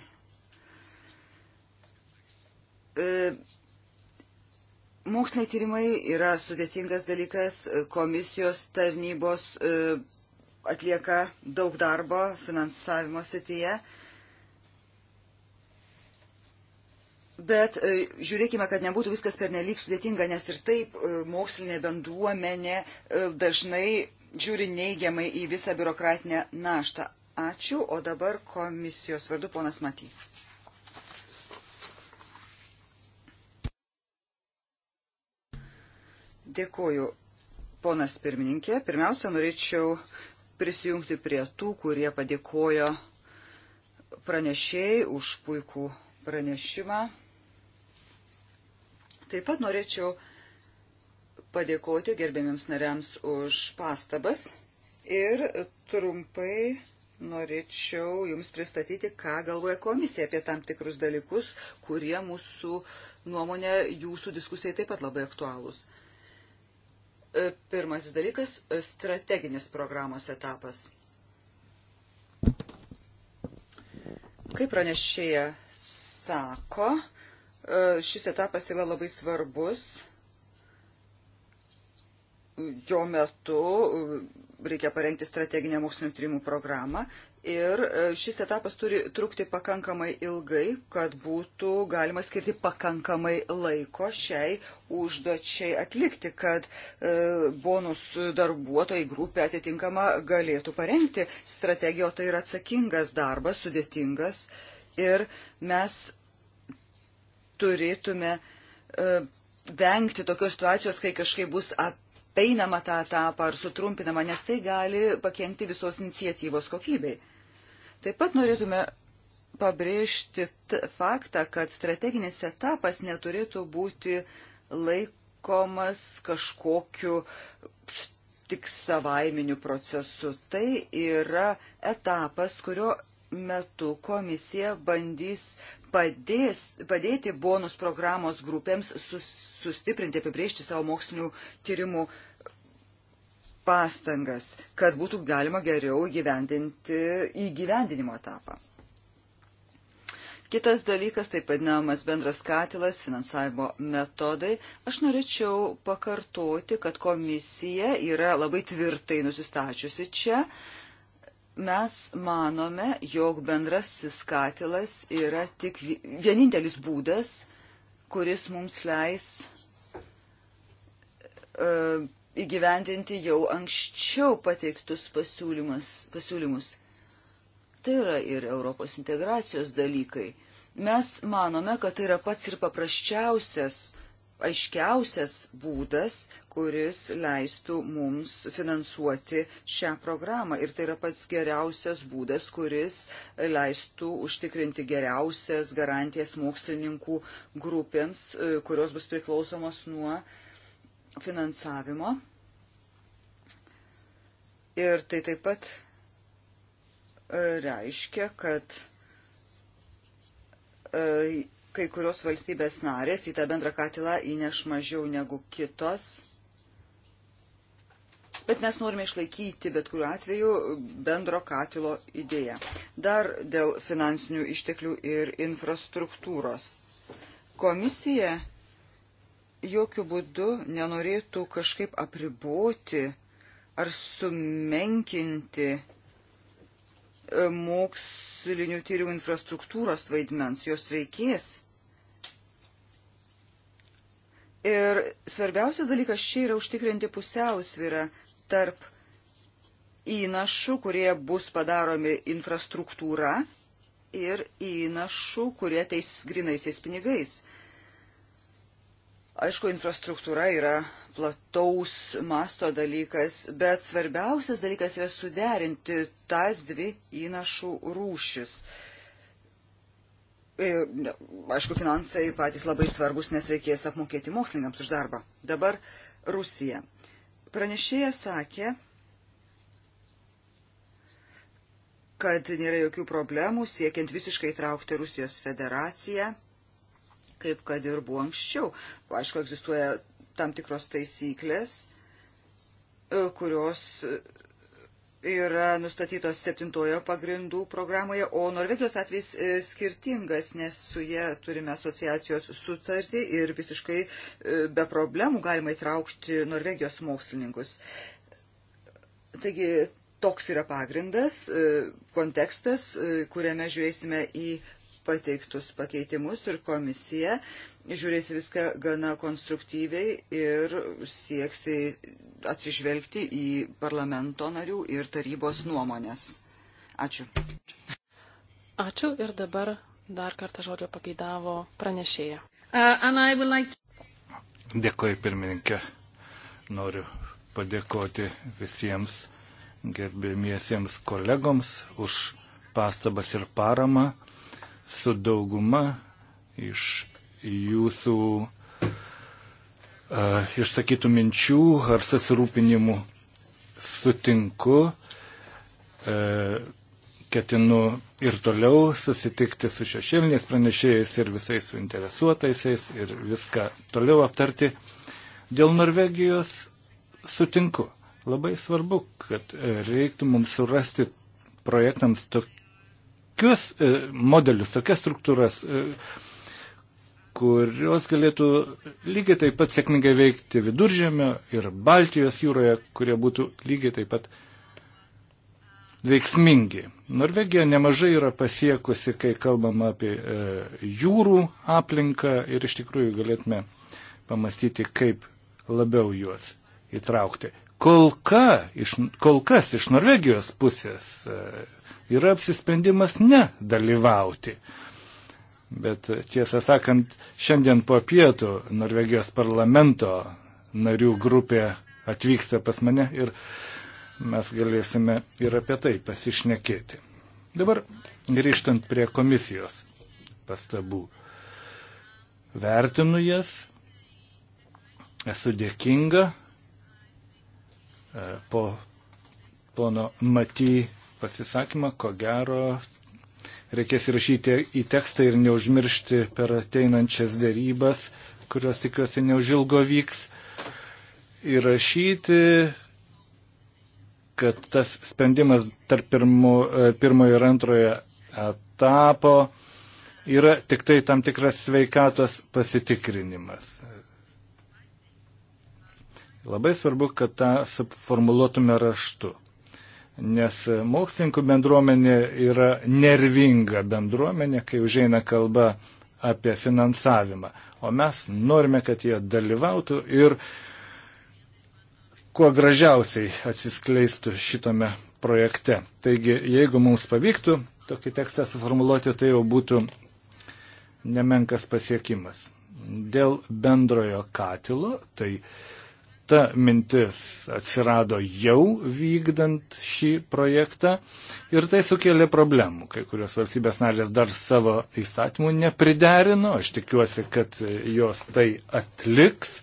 E, Moksliniai tyrimai yra sudėtingas dalykas, komisijos tarnybos e, atlieka daug darbo finansavimo srityje. Bet e, žiūrėkime, kad nebūtų viskas pernelyg sudėtinga, nes ir taip e, mokslinė bendruomenė e, dažnai žiūri neigiamai į visą biurokratinę naštą. Ačiū, o dabar komisijos vardu ponas Maty. Dėkuoju, ponas pirmininkė. Pirmiausia, norėčiau prisijungti prie tų, kurie padėkojo pranešėjai už puikų pranešimą. Taip pat norėčiau padėkoti gerbėmiams nariams už pastabas ir trumpai norėčiau Jums pristatyti, ką galvoja komisija apie tam tikrus dalykus, kurie mūsų nuomonė jūsų diskusijai taip pat labai aktualūs. E, pirmasis dalykas - e, strateginis programos etapas. Kaip pranešėja sako, e, šis etapas yra labai svarbus. Jo metu reikia parengti strateginę mokslinio tyrimų programą Ir e, šis etapas turi trukti pakankamai ilgai, kad būtų galima skirti pakankamai laiko šiai užduočiai atlikti, kad e, bonus darbuotojai grupė atitinkama galėtų parengti strategiją, o tai yra atsakingas darbas, sudėtingas. Ir mes turėtume e, vengti tokios situacijos, kai kažkaip bus apie einama tą etapą ar sutrumpinama, nes tai gali pakengti visos iniciatyvos kokybei. Taip pat norėtume pabrėžti faktą, kad strateginis etapas neturėtų būti laikomas kažkokiu tik savaiminiu procesu. Tai yra etapas, kurio metu komisija bandys padės, padėti bonus programos grupėms sus, sustiprinti, apibriežti savo mokslinių tyrimų pastangas, kad būtų galima geriau įgyvendinti įgyvendinimo etapą. Kitas dalykas, taip vadinamas bendras katilas, finansavimo metodai. Aš norėčiau pakartoti, kad komisija yra labai tvirtai nusistačiusi čia. Mes manome, jog bendrasis katilas yra tik vienintelis būdas, kuris mums leis e, įgyvendinti jau anksčiau pateiktus pasiūlymus. Tai yra ir Europos integracijos dalykai. Mes manome, kad tai yra pats ir paprasčiausias, aiškiausias būdas, kuris leistų mums finansuoti šią programą. Ir tai yra pats geriausias būdas, kuris leistų užtikrinti geriausias garantijas mokslininkų grupėms, e, kurios bus priklausomos nuo finansavimo. Ir tai taip pat e, reiškia, kad e, kai kurios valstybės narės į tą bendrą katilą įneš mažiau negu kitos. Bet mes norime išlaikyti bet kuriuo atveju bendro katilo idėją. Dar dėl finansinių išteklių ir infrastruktūros. Komisija jokių būdų nenorėtų kažkaip apriboti uh, ar sumenkinti e, mokslinių tyrimų infrastruktūros vaidmens, jos reikės. Ir svarbiausias dalykas čia yra užtikrinti pusiausvyrą tarp įnašų, kurie bus padaromi infrastruktūra ir įnašų, kurie teis grinaisiais pinigais. Aišku, infrastruktūra yra plataus masto dalykas, bet svarbiausias dalykas yra suderinti tas dvi įnašų rūšis. E, aišku, finansai patys labai svarbus, nes reikės apmokėti mokslininkams už darbą. Dabar Rusija. Pranešėjas sakė, kad nėra jokių problemų siekiant visiškai traukti Rusijos federaciją kaip kad ir buvo anksčiau. Aišku, egzistuoja tam tikros taisyklės, e, kurios yra nustatytos septintojo pagrindų programoje, o Norvegijos atvejs e, skirtingas, nes su jie turime asociacijos sutartį ir visiškai e, be problemų galima įtraukti Norvegijos mokslininkus. Taigi toks yra pagrindas, kontekstas, kuriame žiūrėsime į pateiktus pakeitimus ir komisija žiūrės viską gana konstruktyviai ir sieks atsižvelgti į parlamento narių ir tarybos nuomonės. Ačiū. Ačiū ir dabar dar kartą žodžio pageidavo pranešėja. Uh, like to... Dėkoju pirmininkė. Noriu padėkoti visiems gerbėmiesiems kolegoms už pastabas ir paramą su dauguma iš jūsų uh, išsakytų minčių ar susirūpinimų sutinku. Uh, ketinu ir toliau susitikti su šešėliniais pranešėjais ir visais suinteresuotaisiais ir viską toliau aptarti. Dėl Norvegijos sutinku. Labai svarbu, kad reiktų mums surasti projektams tokių tokius e, modelius, tokias struktūras, e, kurios galėtų lygiai taip pat sėkmingai veikti viduržėmio ir Baltijos jūroje, kurie būtų lygiai taip pat veiksmingi. Norvegija nemažai yra pasiekusi, kai kalbam apie e, jūrų aplinką ir iš tikrųjų galėtume pamastyti, kaip labiau juos įtraukti. Kol, ka, iš, kol kas iš Norvegijos pusės yra apsisprendimas nedalyvauti. Bet tiesą sakant, šiandien po pietų Norvegijos parlamento narių grupė atvyksta pas mane ir mes galėsime ir apie tai pasišnekėti. Dabar grįžtant prie komisijos pastabų. Vertinu jas, esu dėkinga e, po pono Maty pasisakymą, ko gero reikės įrašyti į tekstą ir neužmiršti per ateinančias dėrybas, kurios tikiuosi neužilgo vyks, įrašyti, kad tas sprendimas tarp pirmo, pirmojo ir antrojo etapo yra tik tai tam tikras sveikatos pasitikrinimas. Labai svarbu, kad tą suformuluotume raštu nes mokslininkų bendruomenė yra nervinga bendruomenė, kai užeina kalba apie finansavimą. O mes norime, kad jie dalyvautų ir kuo gražiausiai atsiskleistų šitame projekte. Taigi, jeigu mums pavyktų tokį tekstą suformuoluoti, tai jau būtų nemenkas pasiekimas. Dėl bendrojo katilo, tai uh, ta mintis atsirado jau vykdant šį projektą ir tai sukėlė problemų. Kai kurios valstybės narės dar savo įstatymų nepriderino, aš tikiuosi, kad jos tai atliks.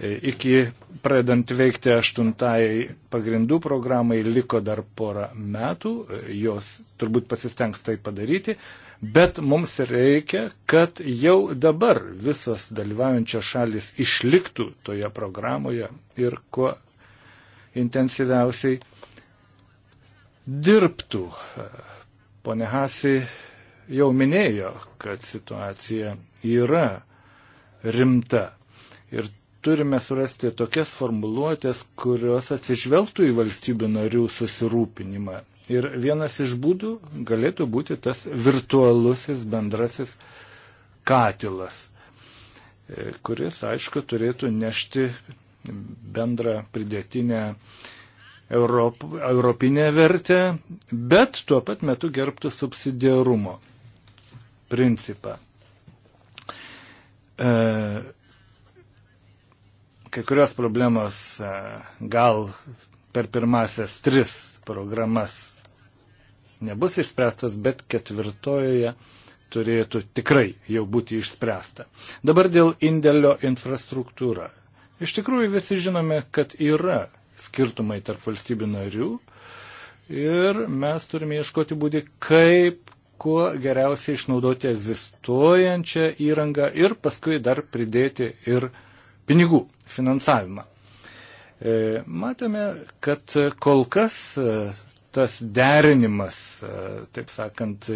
Iki pradant veikti aštuntai pagrindų programai liko dar porą metų, jos turbūt pasistengs tai padaryti bet mums reikia, kad jau dabar visos dalyvaujančios šalis išliktų toje programoje ir kuo intensyviausiai dirbtų. Pone Hasi jau minėjo, kad situacija yra rimta ir turime surasti tokias formuluotės, kurios atsižvelgtų į valstybių narių susirūpinimą Ir vienas iš būdų galėtų būti tas virtualusis bendrasis katilas, e, kuris, aišku, turėtų nešti bendrą pridėtinę Europ, europinę vertę, bet tuo pat metu gerbtų subsidiarumo principą. E, kai kurios problemos e, gal per pirmasias tris programas nebus išspręstas, bet ketvirtojoje turėtų tikrai jau būti išspręsta. Dabar dėl indėlio infrastruktūra. Iš tikrųjų visi žinome, kad yra skirtumai tarp valstybių narių ir mes turime ieškoti būdį, kaip kuo geriausiai išnaudoti egzistuojančią įrangą ir paskui dar pridėti ir pinigų finansavimą. E, matėme, kad kol kas e, tas derinimas, e, taip sakant,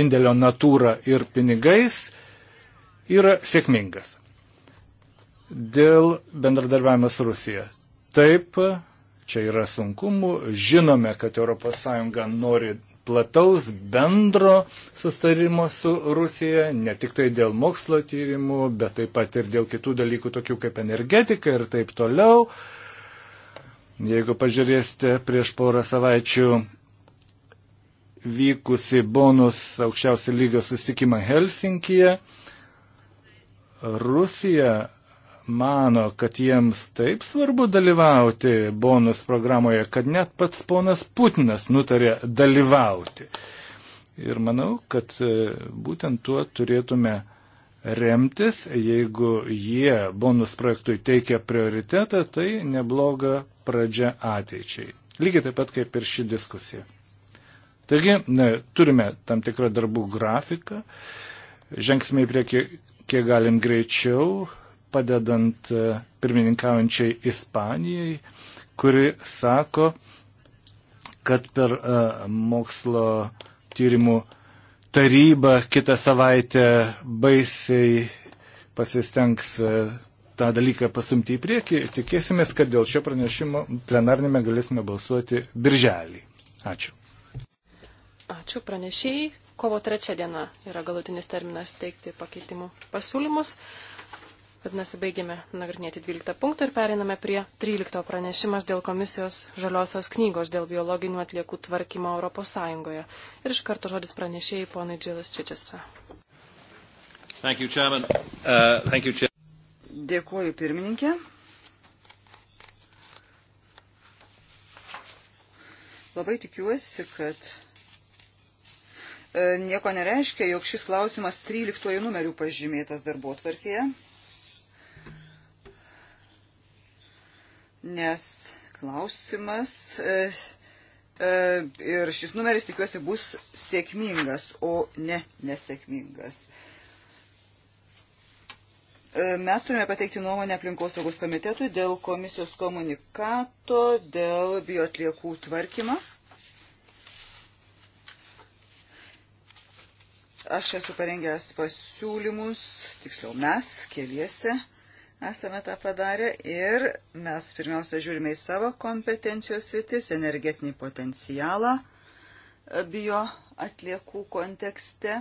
indėlio natūra ir pinigais yra sėkmingas. Dėl bendradarbiavimo su Rusija. Taip, čia yra sunkumų. Žinome, kad ES nori plataus bendro sustarimo su Rusija, ne tik tai dėl mokslo tyrimų, bet taip pat ir dėl kitų dalykų, tokių kaip energetika ir taip toliau. Uh, Jeigu pažiūrėsite prieš porą savaičių vykusi bonus aukščiausio lygio sustikimą Helsinkije, Rusija mano, kad jiems taip svarbu dalyvauti bonus programoje, kad net pats ponas Putinas nutarė dalyvauti. Ir manau, kad e, būtent tuo turėtume remtis. Jeigu jie bonus projektui teikia prioritetą, tai nebloga pradžia ateičiai. Lygiai taip pat kaip ir ši diskusija. Taigi, ne, turime tam tikrą darbų grafiką, žengsime į priekį kiek galim greičiau, padedant e, pirmininkaujančiai Ispanijai, kuri sako, kad per e, mokslo tyrimų uh, taryba kitą savaitę baisiai pasistengs e, tą dalyką pasumti į priekį. Tikėsimės, kad dėl šio pranešimo plenarnėme galėsime balsuoti birželį. Ačiū. Ačiū pranešėjai. Kovo trečia diena yra galutinis terminas teikti pakeitimų pasiūlymus. Vadinasi, baigėme nagrinėti 12 punktą ir periname prie 13 pranešimas dėl komisijos žaliosios knygos dėl biologinių atliekų tvarkymo Europos Sąjungoje. Ir iš karto žodis pranešėjai ponai Džilas Čičestra. Uh, Dėkuoju pirmininkė. Labai tikiuosi, kad e, nieko nereiškia, jog šis klausimas 13 numerių pažymėtas darbo tvarkėje. nes klausimas e, e, ir šis numeris, tikiuosi, bus sėkmingas, o ne nesėkmingas. E, mes turime pateikti nuomonę aplinkosaugos komitetui dėl komisijos komunikato, dėl biotliekų tvarkymą. Aš esu parengęs pasiūlymus, tiksliau mes, keliese esame tą padarę ir mes pirmiausia žiūrime į savo kompetencijos rytis, energetinį potencialą e, bio atliekų kontekste.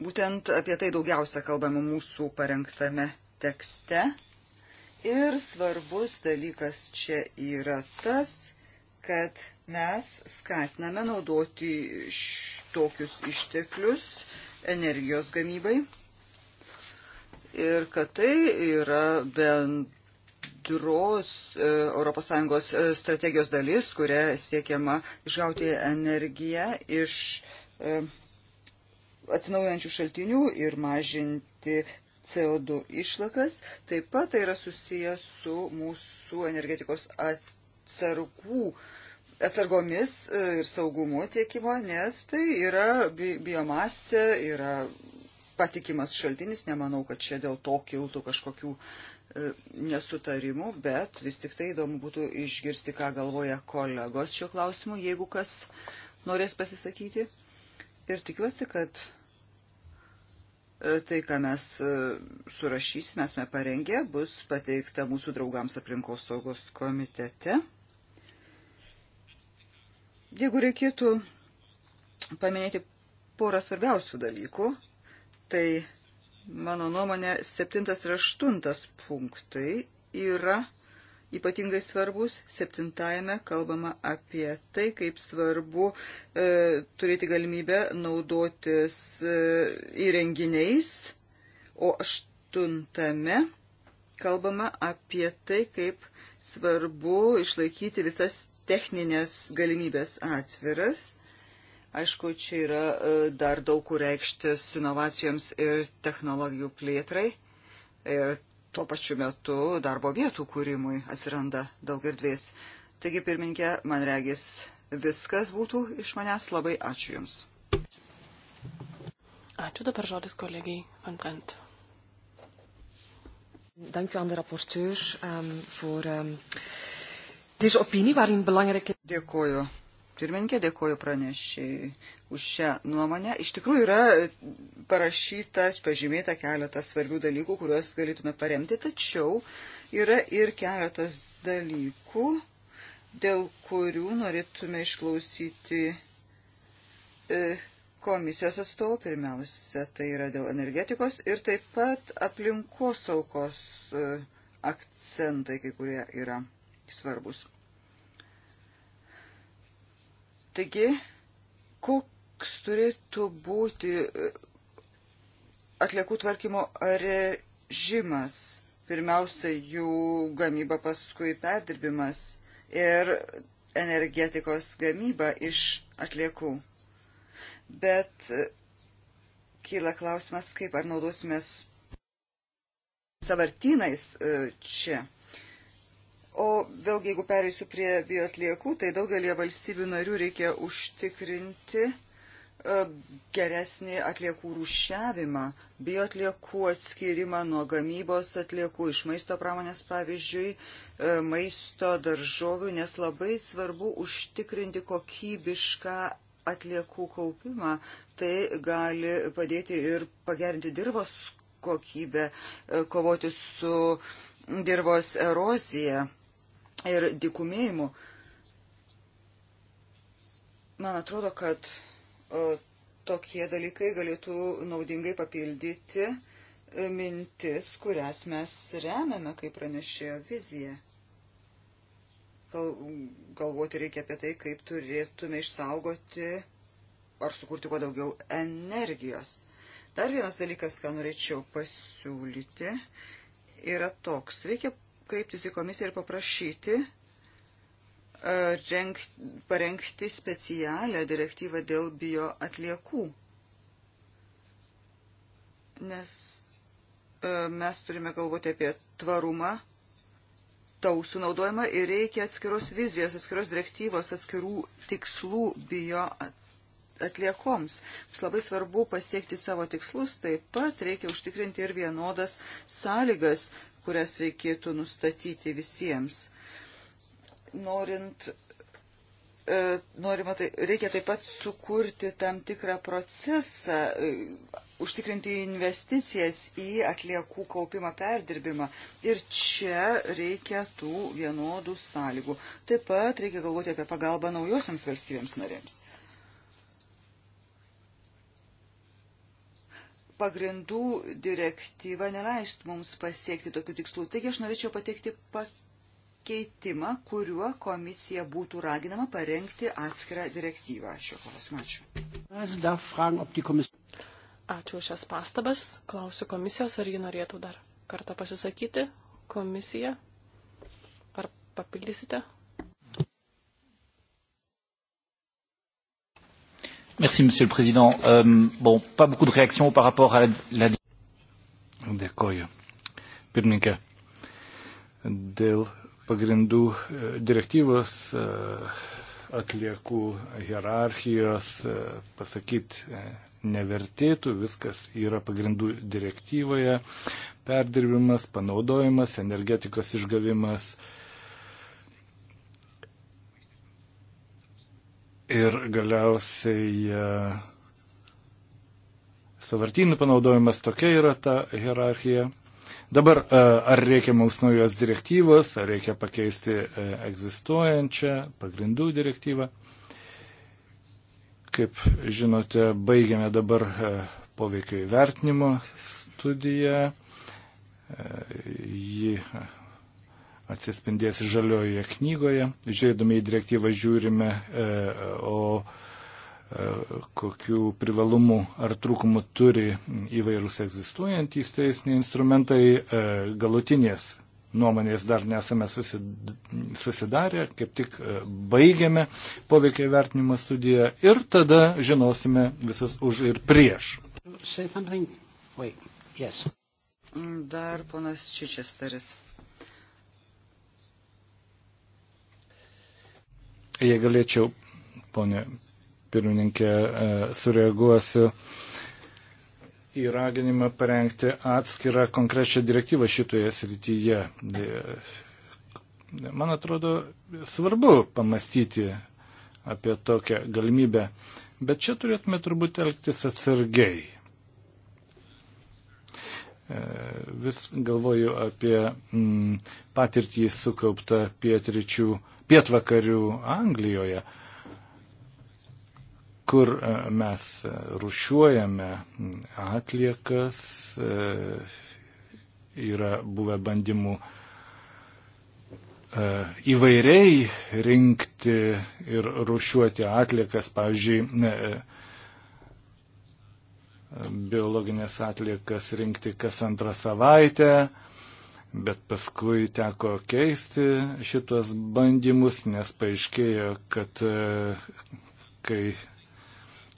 Būtent apie tai daugiausia kalbame mūsų parengtame tekste. Ir svarbus dalykas čia yra tas, kad mes skatiname naudoti tokius išteklius energijos gamybai ir kad tai yra bendros e, ES e, strategijos dalis, kuria siekiama išgauti energiją iš e, atsinaujančių šaltinių ir mažinti CO2 išlakas. Taip pat tai yra susijęs su mūsų energetikos atsargų atsargomis ir saugumu tiekimo, nes tai yra bi biomasė, yra patikimas šaltinis, nemanau, kad čia dėl to kiltų kažkokių e, nesutarimų, bet vis tik tai įdomu būtų išgirsti, ką galvoja kolegos šiuo klausimu, jeigu kas norės pasisakyti. Ir tikiuosi, kad e, tai, ką mes e, surašysime, esame parengę, bus pateikta mūsų draugams aplinkos saugos komitete. Jeigu reikėtų paminėti porą svarbiausių dalykų, tai mano nuomonė, septintas ir aštuntas punktai yra ypatingai svarbus. Septintajame kalbama apie tai, kaip svarbu e, turėti galimybę naudotis e, įrenginiais, o aštuntame kalbama apie tai, kaip svarbu išlaikyti visas techninės galimybės atviras Aišku, čia yra e, dar daug kur reikštis inovacijoms ir technologijų plėtrai. Ir tuo pačiu metu darbo vietų kūrimui atsiranda daug erdvės. Taigi, pirminkė, man regis, viskas būtų iš manęs. Labai ačiū Jums. Ačiū dabar žodis kolegijai Van Brent. Dank u aan de rapporteur um, voor um, deze opinie waarin belangrijke... Dėkoju Pirmininkė, dėkoju pranešiai už šią nuomonę. Iš tikrųjų yra parašyta, pažymėta keletas svarbių dalykų, kuriuos galėtume paremti, tačiau yra ir keletas dalykų, dėl kurių norėtume išklausyti e, komisijos atstovų. Pirmiausia, tai yra dėl energetikos ir taip pat aplinkosaukos e, akcentai, kai kurie yra svarbus. Taigi, koks turėtų būti e, atliekų tvarkymo režimas? Pirmiausia, jų gamyba, paskui perdirbimas ir energetikos gamyba iš atliekų. Bet e, kyla klausimas, kaip ar naudosimės savartynais e, čia. O vėlgi, jeigu pereisiu prie bioatliekų, tai daugelie valstybių narių reikia užtikrinti e, geresnį atliekų rušiavimą, bioatliekų atskirimą nuo gamybos atliekų iš maisto pramonės, pavyzdžiui, e, maisto daržovių, nes labai svarbu užtikrinti kokybišką atliekų kaupimą. Tai gali padėti ir pagerinti dirbos kokybę, e, kovoti su dirbos erozija ir dikumėjimu. Man atrodo, kad o, tokie dalykai galėtų naudingai papildyti e, mintis, kurias mes remiame, kaip pranešėjo vizija. Gal, galvoti reikia apie tai, kaip turėtume išsaugoti ar sukurti kuo daugiau energijos. Dar vienas dalykas, ką norėčiau pasiūlyti, yra toks. Reikia kreiptis į komisiją ir paprašyti e, renk, parengti specialią direktyvą dėl bio atliekų. Nes e, mes turime galvoti apie tvarumą, tausų naudojimą ir reikia atskiros vizijos, atskiros direktyvos, atskirų tikslų bio atliekoms. Mums labai svarbu pasiekti savo tikslus, taip pat reikia užtikrinti ir vienodas sąlygas kurias reikėtų nustatyti visiems. Norint, e, norima, tai, reikia taip pat sukurti tam tikrą procesą, e, užtikrinti investicijas į atliekų kaupimą perdirbimą. Ir čia reikia tų vienodų sąlygų. Taip pat reikia galvoti apie pagalbą naujosiams valstybėms narėms. pagrindų direktyva neleistų mums pasiekti tokių tikslų. Taigi aš norėčiau pateikti pakeitimą, kuriuo komisija būtų raginama parengti atskirą direktyvą šiuo klausimu. Ačiū. Ačiū už šias pastabas. Klausiu komisijos, ar ji norėtų dar kartą pasisakyti. Komisija, ar papildysite? Merci, Monsieur le Président. Euh, bon, pas beaucoup de réactions par rapport à la. Dėkoju. Pirmininkė, dėl pagrindų e, direktyvos e, atliekų hierarchijos e, pasakyti nevertėtų, viskas yra pagrindų direktyvoje, perdirbimas, panaudojimas, energetikos išgavimas, uh, ir galiausiai e, savartynų panaudojimas tokia yra ta hierarchija. Dabar, e, ar reikia mums naujos direktyvos, ar reikia pakeisti e, egzistuojančią pagrindų direktyvą. Kaip žinote, baigiame dabar poveikio įvertinimo studiją. Ji atsispindės žaliojoje knygoje. Žiūrėdami į direktyvą žiūrime, e, o e, kokių privalumų ar trūkumų turi įvairūs egzistuojantys teisiniai instrumentai, e, galutinės nuomonės dar nesame susidarę, kaip tik baigiame poveikiai vertinimą studiją ir tada žinosime visas už ir prieš. Yes. Dar ponas Čičesteris. Jei galėčiau, ponė pirmininkė, e, sureaguosiu į raginimą parengti atskirą konkrečią direktyvą šitoje srityje. E, man atrodo, svarbu pamastyti apie tokią galimybę, bet čia turėtume turbūt elgtis atsargiai. E, vis galvoju apie mm, patirtį sukauptą pietričių pietvakarių Anglijoje, kur e, mes e, rušiuojame atliekas, e, yra buvę bandymų įvairiai rinkti ir rušiuoti atliekas, pavyzdžiui, biologinės atliekas rinkti kas antrą savaitę, bet paskui teko keisti šitos bandymus, nes paaiškėjo, kad e, kai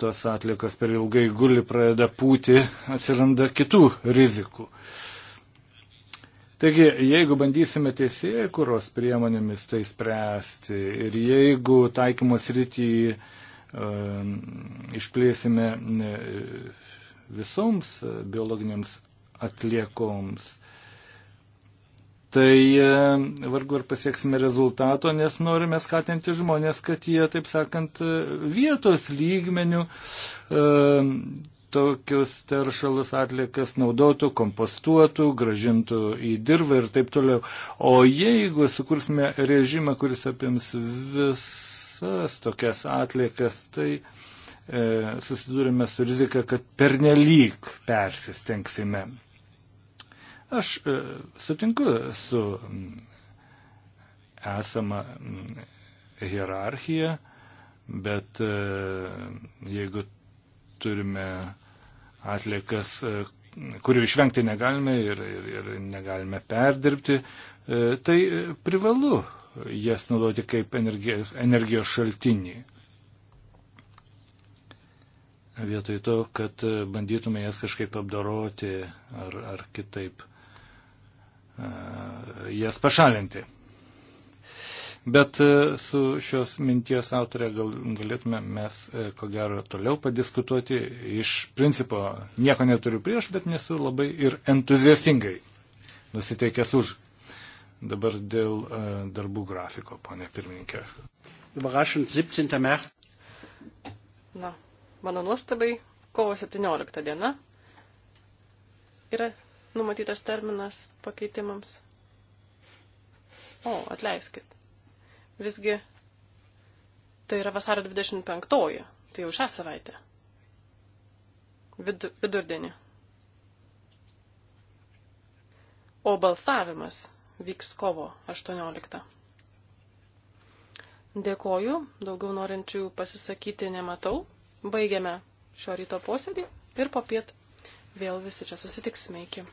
tos atlikas per ilgai guli pradeda pūti, atsiranda kitų rizikų. Taigi, jeigu bandysime teisėjai kuros priemonėmis tai spręsti ir jeigu taikymos rytį e, išplėsime e, visoms biologinėms atliekoms, tai e, vargu ar pasieksime rezultato, nes norime skatinti žmonės, kad jie, taip sakant, e, vietos lygmenių e, tokius teršalus atlikas naudotų, kompostuotų, gražintų į dirbą ir taip toliau. O jeigu sukursime režimą, kuris apims visas tokias atlikas, tai e, susidūrime su rizika, kad pernelyg persistengsime. Aš e, sutinku su esama hierarchija, bet e, jeigu turime atliekas, e, kurių išvengti negalime ir, ir, ir negalime perdirbti, tai privalu jas naudoti kaip energijos, energijos šaltinį. Vietoj to, kad bandytume jas kažkaip apdoroti ar, ar kitaip E, jas pašalinti. Bet e, su šios minties autorė gal, galėtume mes, e, ko gero, toliau padiskutuoti. Iš principo nieko neturiu prieš, bet nesu labai ir entuziastingai nusiteikęs už. Dabar dėl darbų grafiko, ponė pirmininkė. Na, mano nuostabai, kovo 17 diena yra numatytas terminas pakeitimams. O, atleiskit. Visgi tai yra vasario 25-oji, tai jau šią savaitę. Vid, vidurdienį. O balsavimas vyks kovo 18. Dėkoju, daugiau norinčių pasisakyti nematau. Baigiame šio ryto posėdį ir popiet vėl visi čia susitiksime iki.